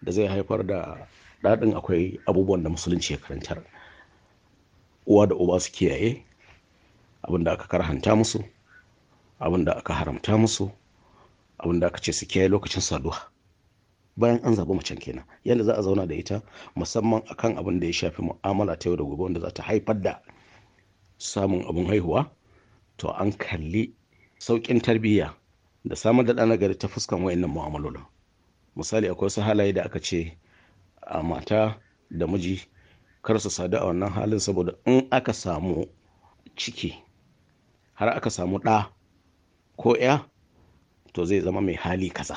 da zai haifar da daɗin akwai abubuwan da musulunci ya karantar uwa da uba su kiyaye abin da aka karhanta musu abin da aka haramta musu abin da aka ce su kiyaye lokacin saduwa bayan an zaɓi macen kenan yadda za a zauna da ita musamman akan abin da ya shafi mu'amala ta yau da gobe wanda za ta haifar da samun abin haihuwa to an kalli sauƙin tarbiyya da samar da ɗanagari gari ta fuskan wayannan mu'amalolin misali akwai wasu halaye da aka ce a mata da miji kar su sadu a wannan halin saboda in aka samu ciki har aka samu ɗa ko ya to zai zama mai hali kaza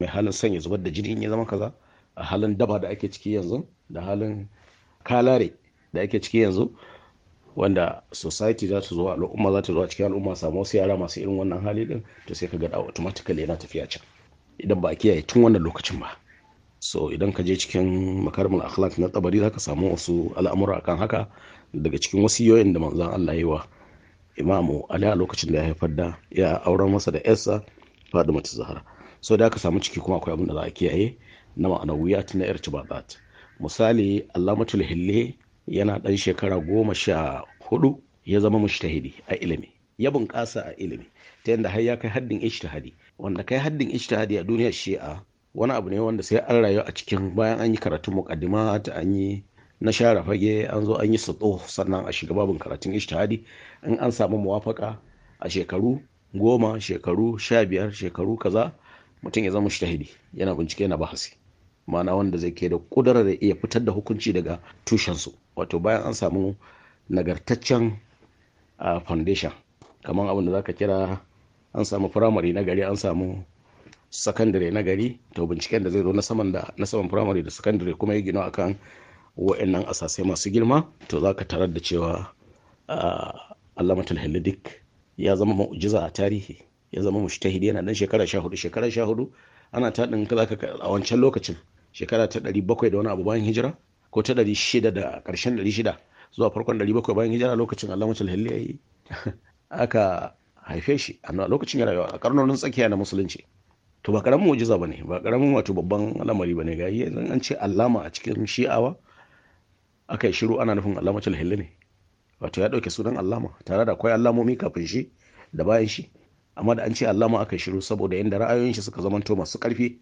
mai halin son ya zubar da jini ya zama kaza a halin daba da ake ciki yanzu da halin kalare da ake ciki yanzu wanda society za ta zo al'umma za ta zo a cikin al'umma samu wasu yara masu irin wannan hali din to sai ka ga automatically yana tafiya can idan ba a kiyaye tun wannan lokacin ba so idan ka je cikin makarmul akhlaq na tsabari zaka samu wasu al'amura akan haka daga cikin wasiyoyin da manzon Allah ya wa imamu ali a lokacin da ya haifar da ya auren masa da yarsa Fatima Zahra so da ka samu ciki kuma akwai abin da za a kiyaye na ma'anawiyat na irtibatat misali Allamatul Hille yana dan shekara goma sha hudu ya zama mushtahidi a ilimi ya bunƙasa a ilimi ta yanda har ya kai haddin ijtihadi wanda kai haddin ijtihadi a duniyar shi'a wani abu ne wanda sai an rayu a cikin bayan an yi karatun mukaddima ta an yi na share fage an zo an yi sato sannan a shiga babin karatun ishtihadi in an samu muwafaka a shekaru goma shekaru sha biyar shekaru kaza mutum ya zama shahidi yana bincike na bahasi ma'ana wanda zai ke da kudura da iya fitar da hukunci daga tushensu wato bayan an samu nagartaccen ah, foundation kamar abin da zaka kira an samu firamare na gari an samu sakandare na gari to binciken da zai zo na saman da na saman primary da sakandare kuma ya gina akan wa'annan asasai masu girma to za ka tarar da cewa Allah alamatul halidik ya zama mu'jiza a tarihi ya zama mushtahidi yana dan shekara sha hudu shekara sha hudu ana taɗin ka zaka a wancan lokacin shekara ta ɗari bakwai da wani abu bayan hijira ko ta ɗari shida da ƙarshen ɗari shida zuwa farkon ɗari bakwai bayan hijira lokacin Allah halili ya aka haife shi a lokacin yana yawa a karnonin tsakiya na musulunci to ba karamin mu'jiza bane ba karamin wato babban al'amari bane ga yi an ce alama a cikin shi'awa aka yi shiru ana nufin allamatul hilli ne wato ya dauke sunan alama tare da akwai alamomi kafin shi da bayan shi amma da an ce alama aka yi shiru saboda yadda ra'ayoyin shi suka zamanto masu karfi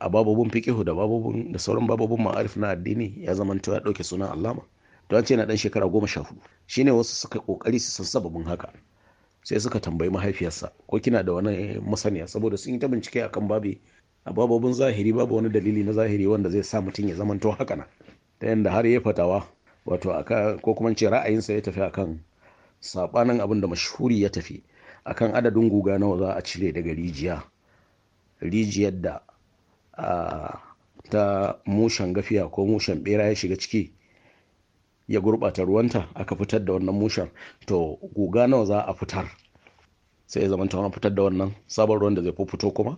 a babobin fiqihu da babobin da sauran babobin ma'arif na addini ya zamanto ya dauke sunan alama to an ce na dan shekara goma sha hudu shine wasu suka kokari su san sababin haka sai suka tambayi mahaifiyarsa ko kina da wani masaniya saboda sun yi ta bincike kan babi a bababin zahiri babu wani dalili na zahiri wanda zai sa mutum ya zamanto haka na ta yadda har ya fatawa wato aka ko kuma ce ra'ayinsa ya tafi akan sabanin abin da mashhuri ya tafi akan adadin guga nawa za a cire daga rijiya rijiyar da ta mushen gafiya ko mushen bera ya shiga ciki ya gurbata ruwanta aka fitar da wannan mushen to guga nawa za a fitar sai ya zamanta wani fitar da wannan sabon ruwan da zai fito kuma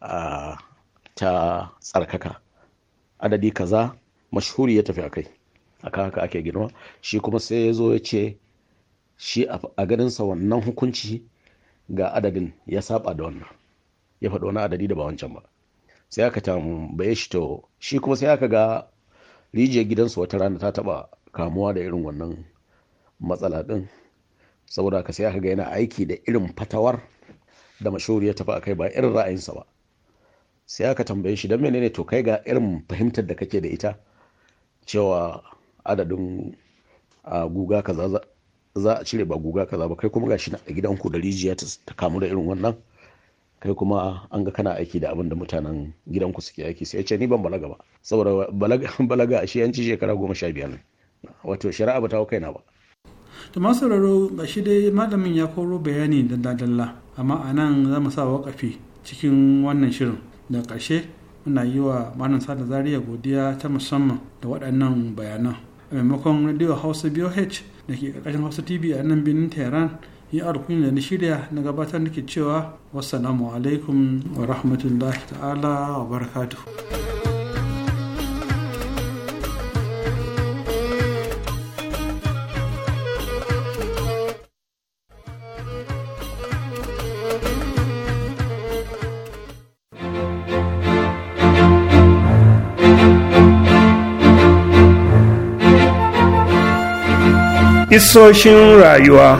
a ta tsarkaka adadi kaza mashuri ya tafi akai akan haka ake girma shi kuma sai ya zo ya ce shi a ganinsa wannan hukunci ga adadin ya saba da wannan ya faɗi wani adadi da ba wancan ba sai aka tambaye shi to shi kuma sai aka ga rijiyar gidansu wata rana ta taba kamuwa da irin wannan matsala din saboda ka sai aka ga yana aiki da irin fatawar da mashuri ya tafi akai ba irin ra'ayinsa ba sai aka tambaye shi don menene to kai ga irin fahimtar da kake da ita cewa adadin a guga kaza za a cire ba guga kaza ba kai kuma ga shi a gidanku da rijiya ta kamu da irin wannan kai kuma an ga kana aiki da abin da mutanen gidanku suke aiki sai ce ni ban balaga ba saboda balaga a shi yanci shekara goma sha biyar wato shari'a ba ta hau kaina ba da masu sauraro ga shi dai malamin ya koro bayani da dalla amma a nan za mu sa wakafi cikin wannan shirin da ƙarshe muna yi wa malam sada Zariya godiya ta musamman da waɗannan bayanan a maimakon radio hausa boh da ke ƙarƙashin hausa tv a nan birnin tehran yi a rukunin da na shirya na gabatar ke cewa wassalamu alaikum wa rahmatullahi ta'ala wa barakatuhu isoshin rayuwa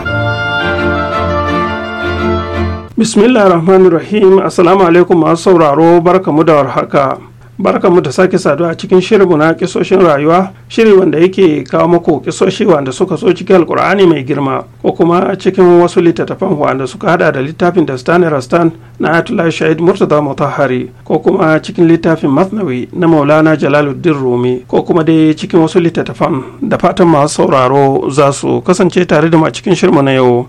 bismillah rahman rahim assalamu alaikum masu sauraro barkamu da warhaka barka mu ta sake saduwa a cikin shirinmu na kisoshin rayuwa shiri wanda yake kawo muku kisoshi wanda suka so cikin alkur'ani mai girma ko kuma cikin wasu littattafan wanda suka hada da littafin da stan rastan na atula shahid murtaza mutahari ko kuma cikin littafin masnawi na maulana jalaluddin rumi ko kuma dai cikin wasu littattafan da fatan masu sauraro za su kasance tare da mu a cikin shirmu na yau.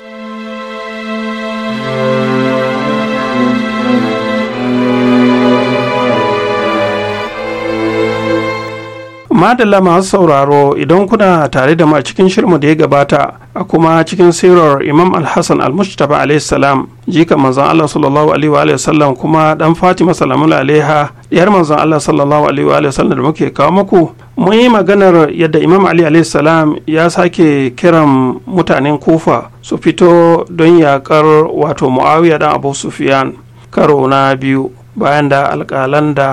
madalla masu sauraro idan kuna tare da mu a cikin shirmu da ya gabata a kuma cikin sirar imam alhassan almustapha alaihi salam jika manzon allah sallallahu alaihi wa sallam kuma dan fatima salamu alaiha yar manzon allah sallallahu alaihi wa sallam da muke kawo muku mun yi maganar yadda imam ali alaihi salam ya sake kiran mutanen kufa su fito don yakar wato muawiya dan abu sufyan karo na biyu bayan da alƙalan da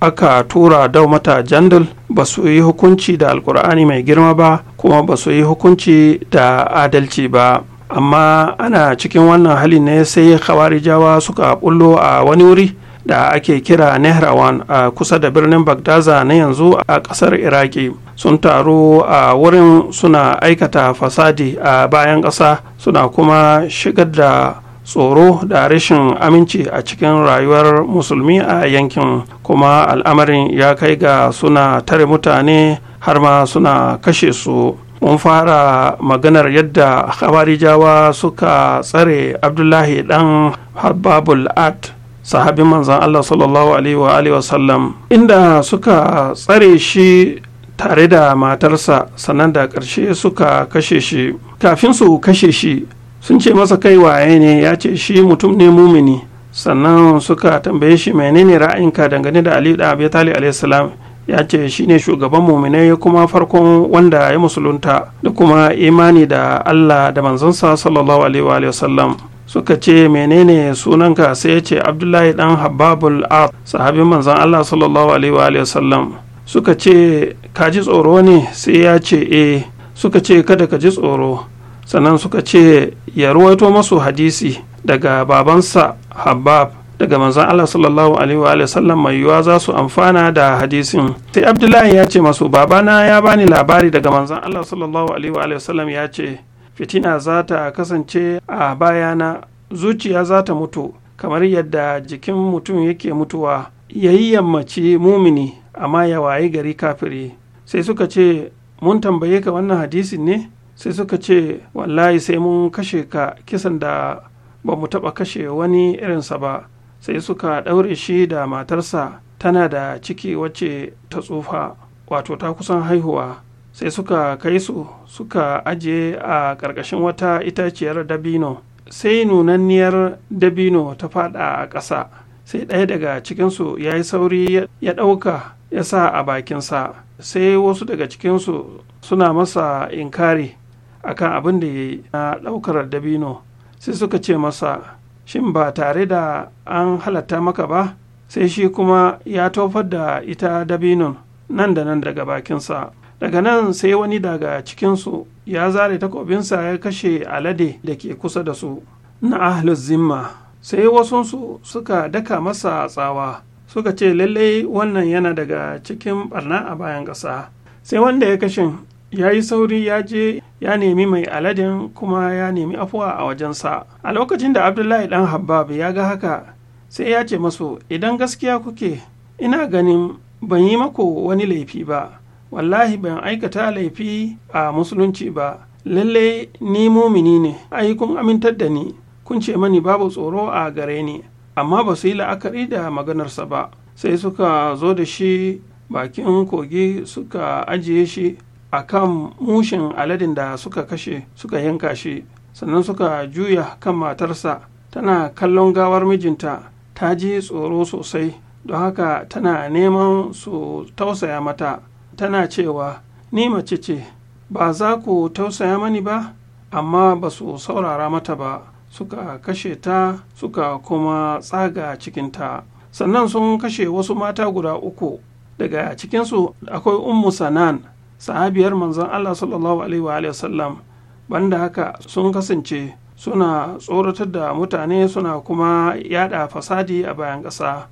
aka tura daumata jandal ba su yi hukunci da alkur'ani mai girma ba kuma ba su yi hukunci da adalci ba amma ana cikin wannan hali ne sai khawarijawa suka bullo a wani wuri da ake kira nehrawan a kusa da birnin bagdaza na yanzu a kasar iraki sun taru a wurin suna aikata fasadi a bayan ƙasa suna kuma shigar da tsoro da rashin aminci a cikin rayuwar musulmi a yankin kuma al'amarin ya kai ga suna tare mutane har ma suna kashe su mun fara maganar yadda Jawa suka tsare abdullahi dan hababul at sahabin manzan allah sallallahu alaihi wa wasallam inda suka tsare shi tare da matarsa sannan da ƙarshe suka kashe shi kafin su kashe shi sun ce masa kai waye ne ya ce shi mutum ne mumini sannan suka tambaye shi menene ra'ayinka dangane da ali da abi talib salam ya ce shi ne shugaban muminai kuma farkon wanda ya musulunta da kuma imani da allah da manzansa sallallahu alaihi sallam suka ce menene sunanka sai ya ce abdullahi dan hababul art sahabin manzan allah sallallahu alaihi sallam suka ce ka ji tsoro ne sai ya ce eh suka ce kada ka ji tsoro sannan suka ce ya ruwaito masu hadisi daga babansa habab daga manzan Allah sallallahu alaihi wa sallam mai yiwuwa za su amfana da hadisin sai abdullahi ya ce masu babana ya bani labari daga manzan Allah sallallahu alaihi wa sallam ya ce fitina za ta kasance a bayana zuciya za ta mutu kamar yadda jikin mutum yake mutuwa ya yi yammaci mumini amma ya wayi gari kafiri sai suka ce mun tambaye ka wannan hadisin ne sai suka ce wallahi sai mun kashe ka kisan da ba mu taɓa kashe wani irinsa ba sai suka ɗaure shi da matarsa tana da ciki wacce ta tsufa wato ta kusan haihuwa sai suka kai su suka aje a ƙarƙashin wata itaciyar dabino sai nunanniyar dabino ta faɗa a ƙasa sai ɗaya daga cikinsu ya yi sauri ya ɗauka ya sa a bakinsa sai wasu daga cikinsu suna masa inkari akan abin da ya yi na ɗaukar dabino sai suka ce masa shin ba tare da an halatta maka ba sai shi kuma ya tofar da ita dabinon nan da nan daga bakinsa daga nan sai wani daga cikinsu ya zare takobinsa ya kashe alade da ke kusa da su na ahlus zimma sai wasunsu suka daka masa tsawa suka ce lallai wannan yana daga cikin barna a bayan ƙasa sai wanda ya kashin ya yi sauri ya je ya nemi mai aladen kuma ya nemi afuwa a wajensa a lokacin da abdullahi ɗan habbab ya ga haka sai ya ce masu idan gaskiya kuke ina ganin ban yi mako wani laifi ba wallahi ban aikata laifi a musulunci ba lalle ni mumini ne ai kun amintar da ni kun ce mani babu tsoro a gare ni amma ba su yi la'akari da maganarsa ba sai suka zo da shi bakin kogi suka ajiye shi a kan mushin aladin da suka kashe suka yanka shi sannan suka juya kan matarsa tana kallon gawar mijinta ta ji tsoro sosai don haka tana neman su tausaya mata tana cewa ni mace ce ba za ku tausaya mani ba amma ba su saurara mata ba suka kashe ta suka kuma tsaga cikinta sannan sun kashe wasu mata guda uku daga cikinsu akwai ummu sanan sahabiyar manzon Allah sallallahu alaihi wa sallam banda haka sun kasance suna tsoratar da mutane suna kuma yada fasadi a bayan ƙasa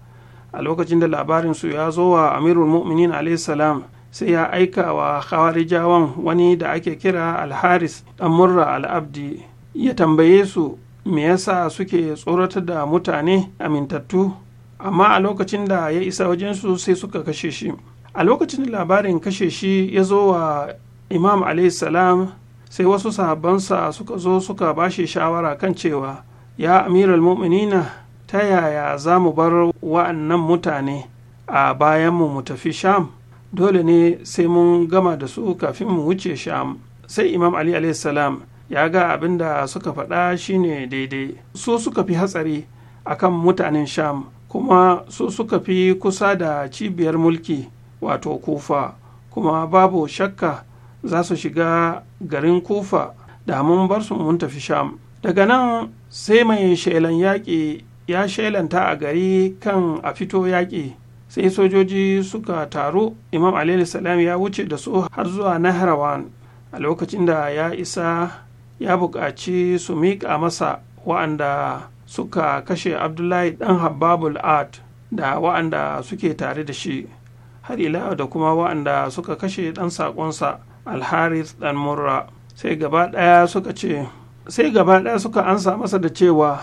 a lokacin da labarin su ya zo wa amirul mu'minin alaihi salam sai ya aika wa khawarijawan wani da ake kira alharis dan murra al'abdi ya tambaye su me yasa suke tsoratar da mutane amintattu amma a lokacin da ya isa wajensu sai suka kashe shi a lokacin da labarin kashe shi ya zo wa imam salam sai wasu sahabbansa suka zo suka bashi shawara kan cewa ya amiral mu'minina ta yaya za mu bar wa'annan mutane a bayanmu mu tafi sham dole ne sai mun gama da su kafin mu wuce sham sai imam ali salam ya ga abin da suka faɗa shine daidai su suka fi hatsari akan mutanen sham kuma su suka fi kusa da cibiyar mulki wato kufa kuma babu shakka za su shiga garin kufa da mun bar su mun tafi sham daga nan sai mai shelan yaƙi ya shelanta a gari kan a fito yaƙi sai sojoji suka taru imam alayhi salam ya wuce da su har zuwa nahrawan a lokacin da ya isa ya buƙaci su miƙa masa wa'anda suka kashe abdullahi ɗan habbabul art da wa'anda suke tare da shi har ila da kuma wa'anda suka kashe ɗan saƙonsa alharis ɗan murra sai gaba ɗaya suka ce sai gaba daya suka ansa masa da cewa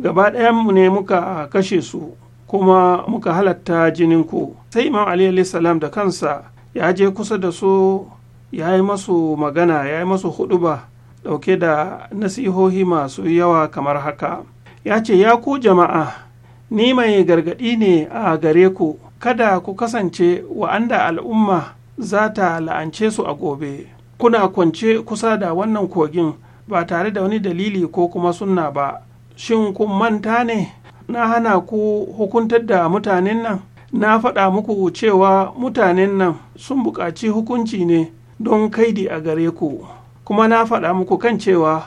gaba mu ne muka kashe su kuma muka halatta jinin ku. sai imam ali salam da kansa ya je kusa da su ya yi masu magana ya yi masu huɗuba ɗauke da nasihohi masu yawa kamar haka ya ce ya ku jama'a ni mai gargaɗi ne a gare ku kada ku kasance wa'anda al'umma za ta la'ance su a gobe kuna kwance kusa da wannan kogin ba tare da wani dalili ko kuma sunna ba shin kun manta ne na hana ku hukuntar da mutanen nan na faɗa muku cewa mutanen nan sun buƙaci hukunci ne don kaidi a gare ku kuma na faɗa muku kan cewa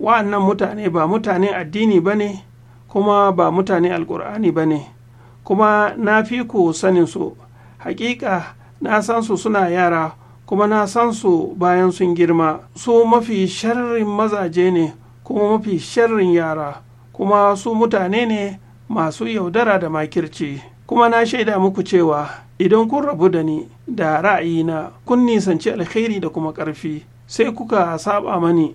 wa'annan mutane ba mutanen addini ba ne kuma ba mutanen Alkur'ani ba ne kuma na fi ku sanin su hakika na san su suna yara kuma na san su bayan sun girma su mafi sharrin mazaje ne kuma mafi sharrin yara kuma su mutane ne masu yaudara da makirci kuma na shaida muku cewa idan kun rabu da ni da ra'ayina kun nisanci alkhairi da kuma ƙarfi sai kuka saba mani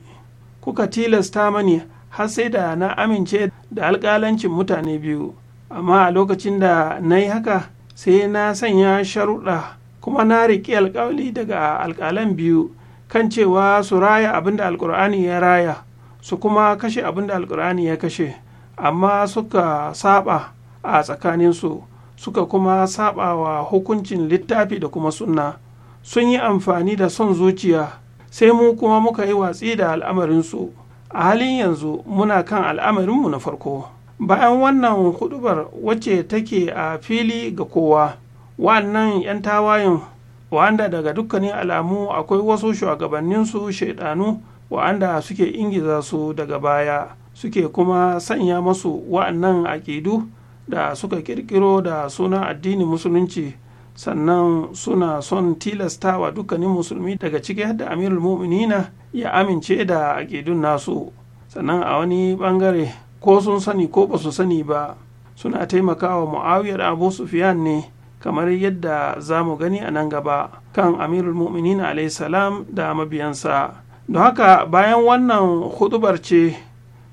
kuka tilasta mani har sai da na amince da alƙalancin mutane biyu amma a lokacin da na yi haka sai na sanya sharuɗa kuma na riƙe alƙawali daga alƙalan biyu kan cewa su raya abin da alƙur'ani ya raya su kuma kashe abin da alƙur'ani ya kashe amma suka saba a tsakaninsu suka kuma saba wa hukuncin littafi da kuma sunna sun yi amfani da son zuciya sai mu kuma muka yi watsi da al'amarinsu a halin yanzu muna kan al'amarinmu na farko bayan wannan hudubar wacce take a fili ga kowa wa'annan 'yan tawayen wa'anda daga dukkanin alamu akwai wasu shugabanninsu shaidanu wa'anda suke ingiza su daga baya suke kuma sanya masu wa'annan aƙidu da suka kirkiro da suna addinin musulunci sannan suna son tilasta wa dukkanin musulmi daga ciki da amirul mu'minina ya amince da aƙidun nasu sannan a wani bangare ko sun sani ko ba su sani ba suna taimakawa mu'awiyar abu sufiyan ne kamar yadda za mu gani a nan gaba kan amirul mu'minin salam da mabiyansa don haka bayan wannan hudubar ce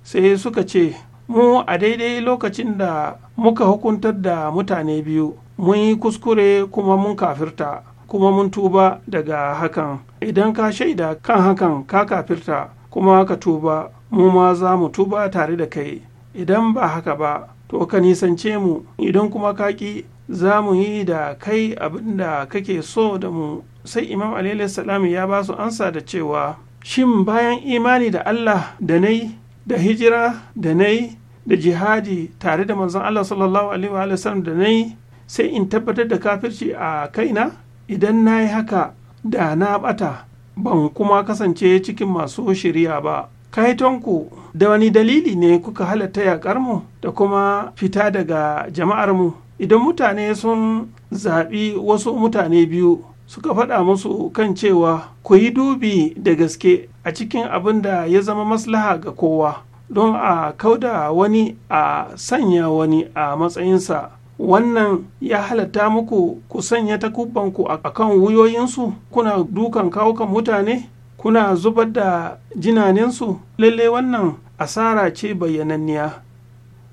sai suka ce mu a daidai lokacin da muka hukuntar da mutane biyu mun yi kuskure kuma mun kafirta kuma mun tuba daga hakan idan ka shaida kan hakan ka kafirta kuma ka tuba mu ma za mu tuba tare da kai idan ba haka ba to ka nisance mu idan kuma ka ƙi za mu yi da kai abin da kake so da mu sai imam salam ya ba su ansa da cewa shin bayan imani da allah da nai da hijira da nai da jihadi tare da manzon allah sallallahu alaihi wa sallam da nai sai in tabbatar da kafirci a kaina idan na yi haka da na bata ban kuma kasance cikin masu shirya ba kaitonku da wani dalili ne kuka halatta yaƙarmu da kuma fita daga jama'armu idan mutane sun zaɓi wasu mutane biyu suka faɗa musu kan cewa ku yi dubi da gaske a cikin abin da ya zama maslaha ga kowa don a kauda wani a sanya wani a matsayinsa wannan ya halatta muku ku sanya takubbanku a kan wuyoyinsu kuna dukan kawukan mutane kuna zubar da jinanensu lalle wannan asara ce bayyananniya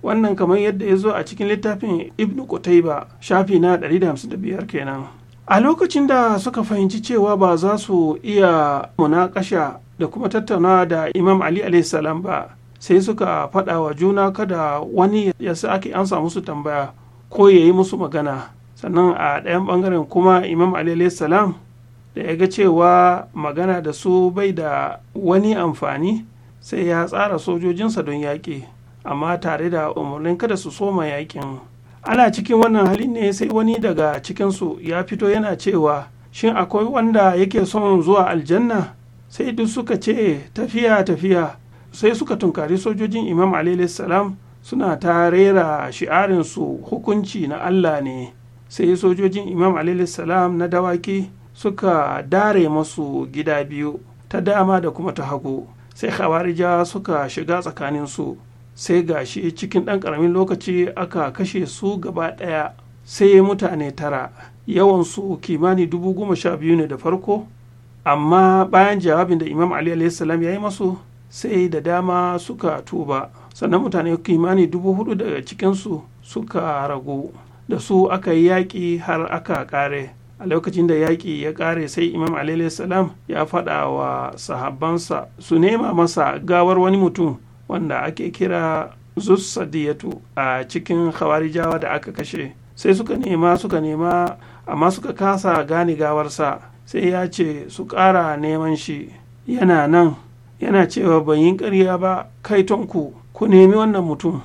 wannan kamar yadda ya zo a cikin littafin ibn Qutayba shafi na 155 kenan a lokacin da suka fahimci cewa ba za su iya munakasha da kuma tattaunawa da imam ali salam ba sai suka faɗa wa juna kada wani ya ake ansa musu tambaya ko ya yi musu magana sannan a ɗayan ɓangaren kuma imam ali salam da ya ga cewa magana da su bai da wani amfani sai ya tsara sojojinsa don yaƙi amma tare da umarnin kada su soma yaƙin ana cikin wannan halin ne sai wani daga cikinsu ya fito yana cewa shin akwai wanda yake son zuwa aljanna sai duk suka ce tafiya tafiya sai suka tunkari sojojin imam salam suna ta rera shi'arinsu hukunci na allah ne sai sojojin imam salam na dawaki suka dare masu gida biyu ta dama da kuma ta hagu sai khawarija suka shiga tsakaninsu sai gashi cikin ɗan ƙaramin lokaci aka kashe su gaba ɗaya sai mutane tara yawansu kimani dubu goma sha biyu ne da farko amma bayan jawabin da imam ali salam ya yi masu sai da dama suka tuba sannan mutane kimani dubu hudu daga cikinsu suka ragu da su aka yi yaƙi har aka ƙare a lokacin da yaƙi ya ƙare sai imam salam ya faɗa wa sahabbansa su nema masa gawar wani mutum wanda ake kira zussadiyatu a cikin khawarijawa da aka kashe sai suka nema suka nema amma suka kasa gane gawarsa sai ya ce su ƙara neman shi yana nan yana cewa ban yi ƙarya ba kaitonku ku nemi wannan mutum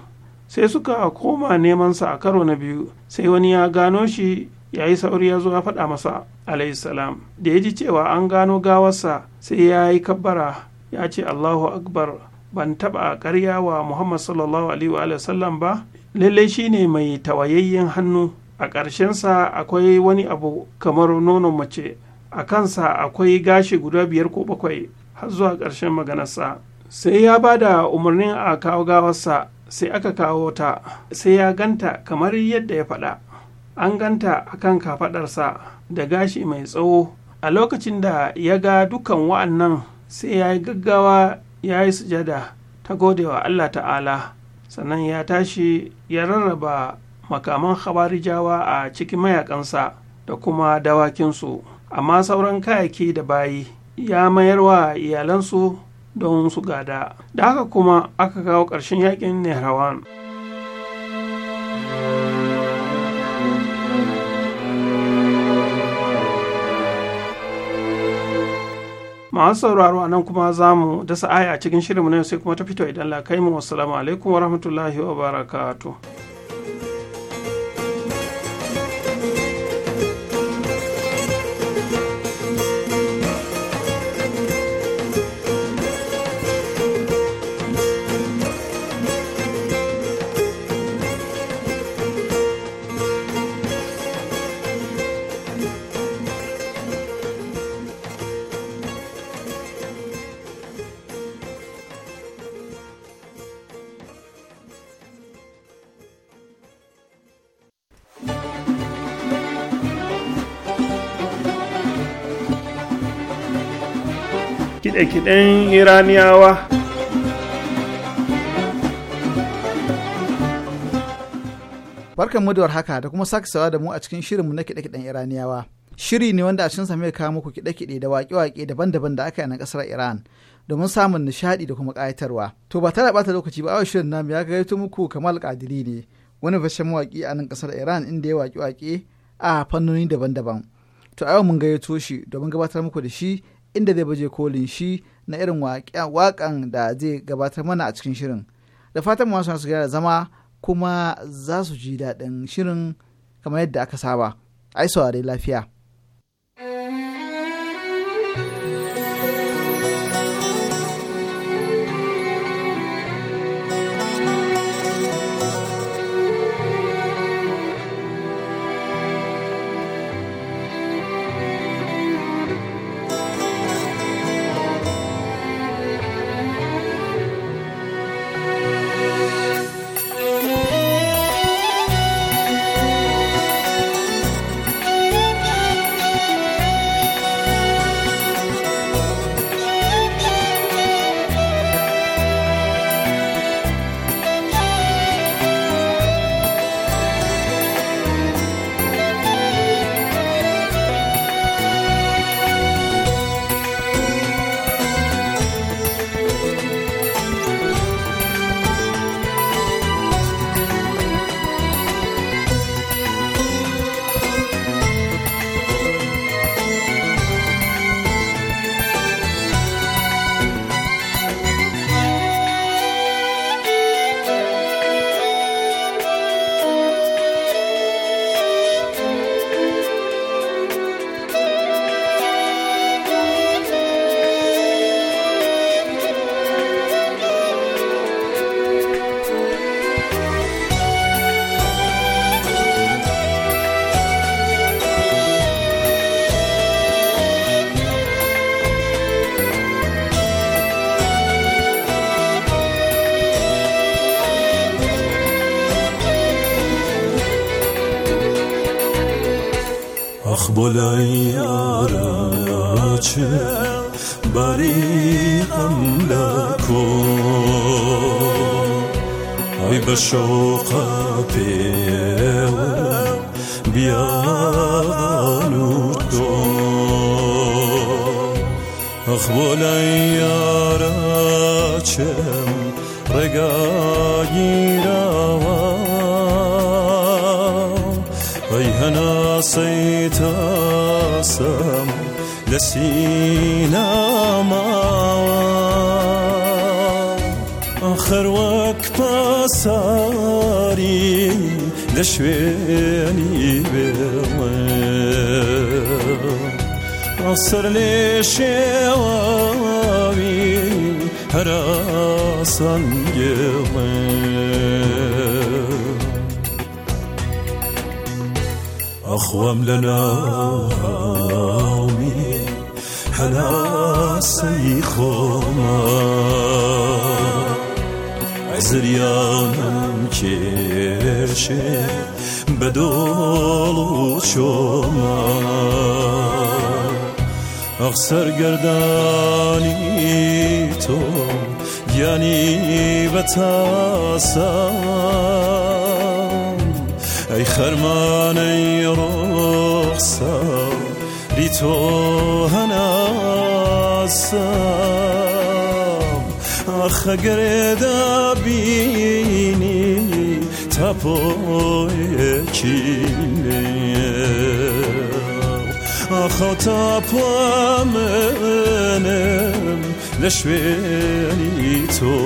sai suka koma neman sa a karo na biyu sai wani ya gano shi ya yi sauri ya zo ya faɗa masa alaihissalam da ya ji cewa an gano gawarsa sai ya yi kabbara ya ce allahu akbar ban taɓa karya wa muhammad sallallahu alaihi wa sallam ba lallai shi ne mai tawayayyen hannu a ƙarshensa akwai wani abu kamar nono mace a kansa akwai gashi guda biyar ko bakwai har zuwa ƙarshen maganarsa sai ya ba da umarnin a kawo gawarsa sai aka kawo ta sai ya ganta kamar yadda ya faɗa an ganta a kan kafaɗarsa da gashi mai tsawo a lokacin da ya ga dukan wa'annan sai ya yi gaggawa ya yi sujada ta gode wa allah ta'ala sannan ya tashi ya rarraba makaman habarijawa a cikin mayakansa da kuma dawakinsu amma sauran kayaki da bayi ya mayar wa iyalansu don su gada da haka kuma aka kawo ƙarshen yakin nehrawan. masu sauraro a nan kuma za mu dasa aya a cikin shirinmu na yau sai kuma ta fito idan la kai mu wasu alaikum wa rahmatullahi wa barakatuh kide-kiden iraniyawa barkan da haka da kuma sake sawa da mu a cikin shirinmu na kide kiɗen iraniyawa shiri ne wanda a cikin mai kawo muku kiɗe-kiɗe da waƙe-waƙe daban-daban da aka yi na kasar iran domin samun nishaɗi da kuma kayatarwa. to ba tare ɓata lokaci ba a shirin namu ya gaito muku kamal kadiri ne wani fashe mawaki a nan ƙasar iran inda ya waƙe-waƙe a fannoni daban-daban to a yau mun gayyato shi domin gabatar muku da shi inda zai baje kolin shi na irin waƙan da zai gabatar mana a cikin shirin da fatan masu su gyara zama kuma za su ji daɗin shirin kamar yadda aka saba ai saurari lafiya سرگردانی تو یعنی بتاسم ای خرمان ای رخصم ری تو هناسم آخ اگر دبینی خطا منم لشوینی تو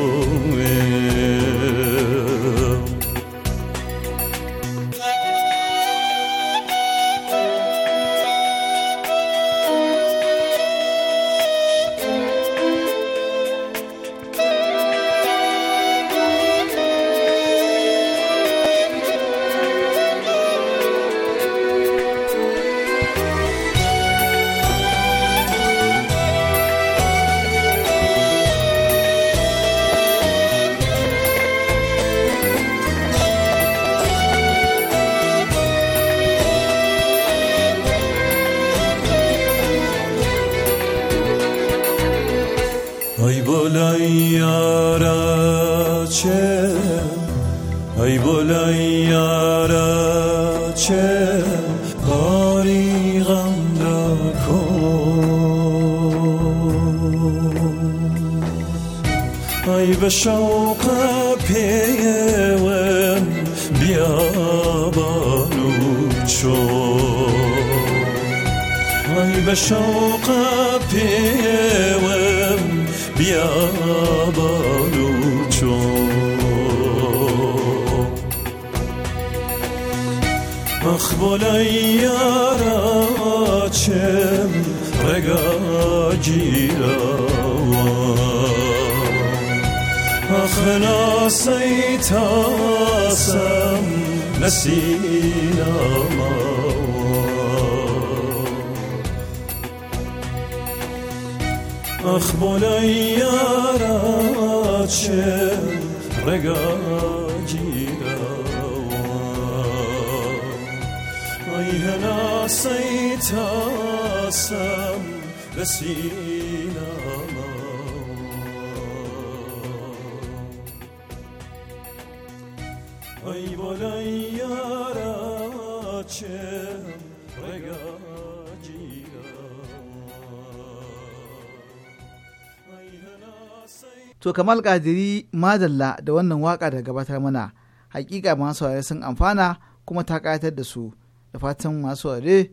Kamal Kadiri Madalla da wannan waka da gabatar mana. Hakika masu saurare sun amfana kuma ta ƙayatar da su. Da fatan masu saurare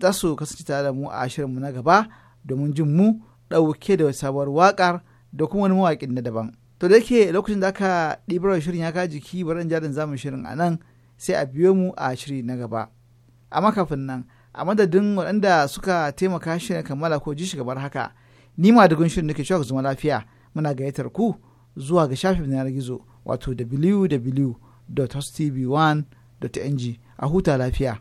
za su kasance tare da mu a shirinmu na gaba domin jin mu ɗauke da sabuwar waƙar da kuma wani mawaƙin na daban. To da yake lokacin da aka ɗibar shirin ya ka jiki baran jarin zamu shirin a nan sai a biyo mu a shiri na gaba. Amma kafin nan a madadin waɗanda suka taimaka shi kammala ko ji shigabar haka ni ma dugun shirin nake cewa ku zama lafiya. muna gayyatar ku zuwa ga shafin yanar gizo wato www.hostv1.ng a huta lafiya.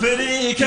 pity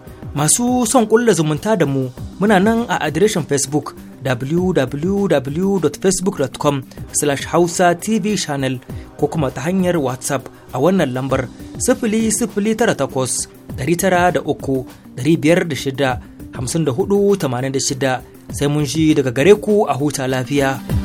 Masu son ƙulla zumunta da mu muna nan a adireshin Facebook www.facebook.com slash hausa tv channel ko kuma ta hanyar WhatsApp a wannan lambar sifili sifili tara takwas tara da sai mun shi daga gare ku a huta lafiya.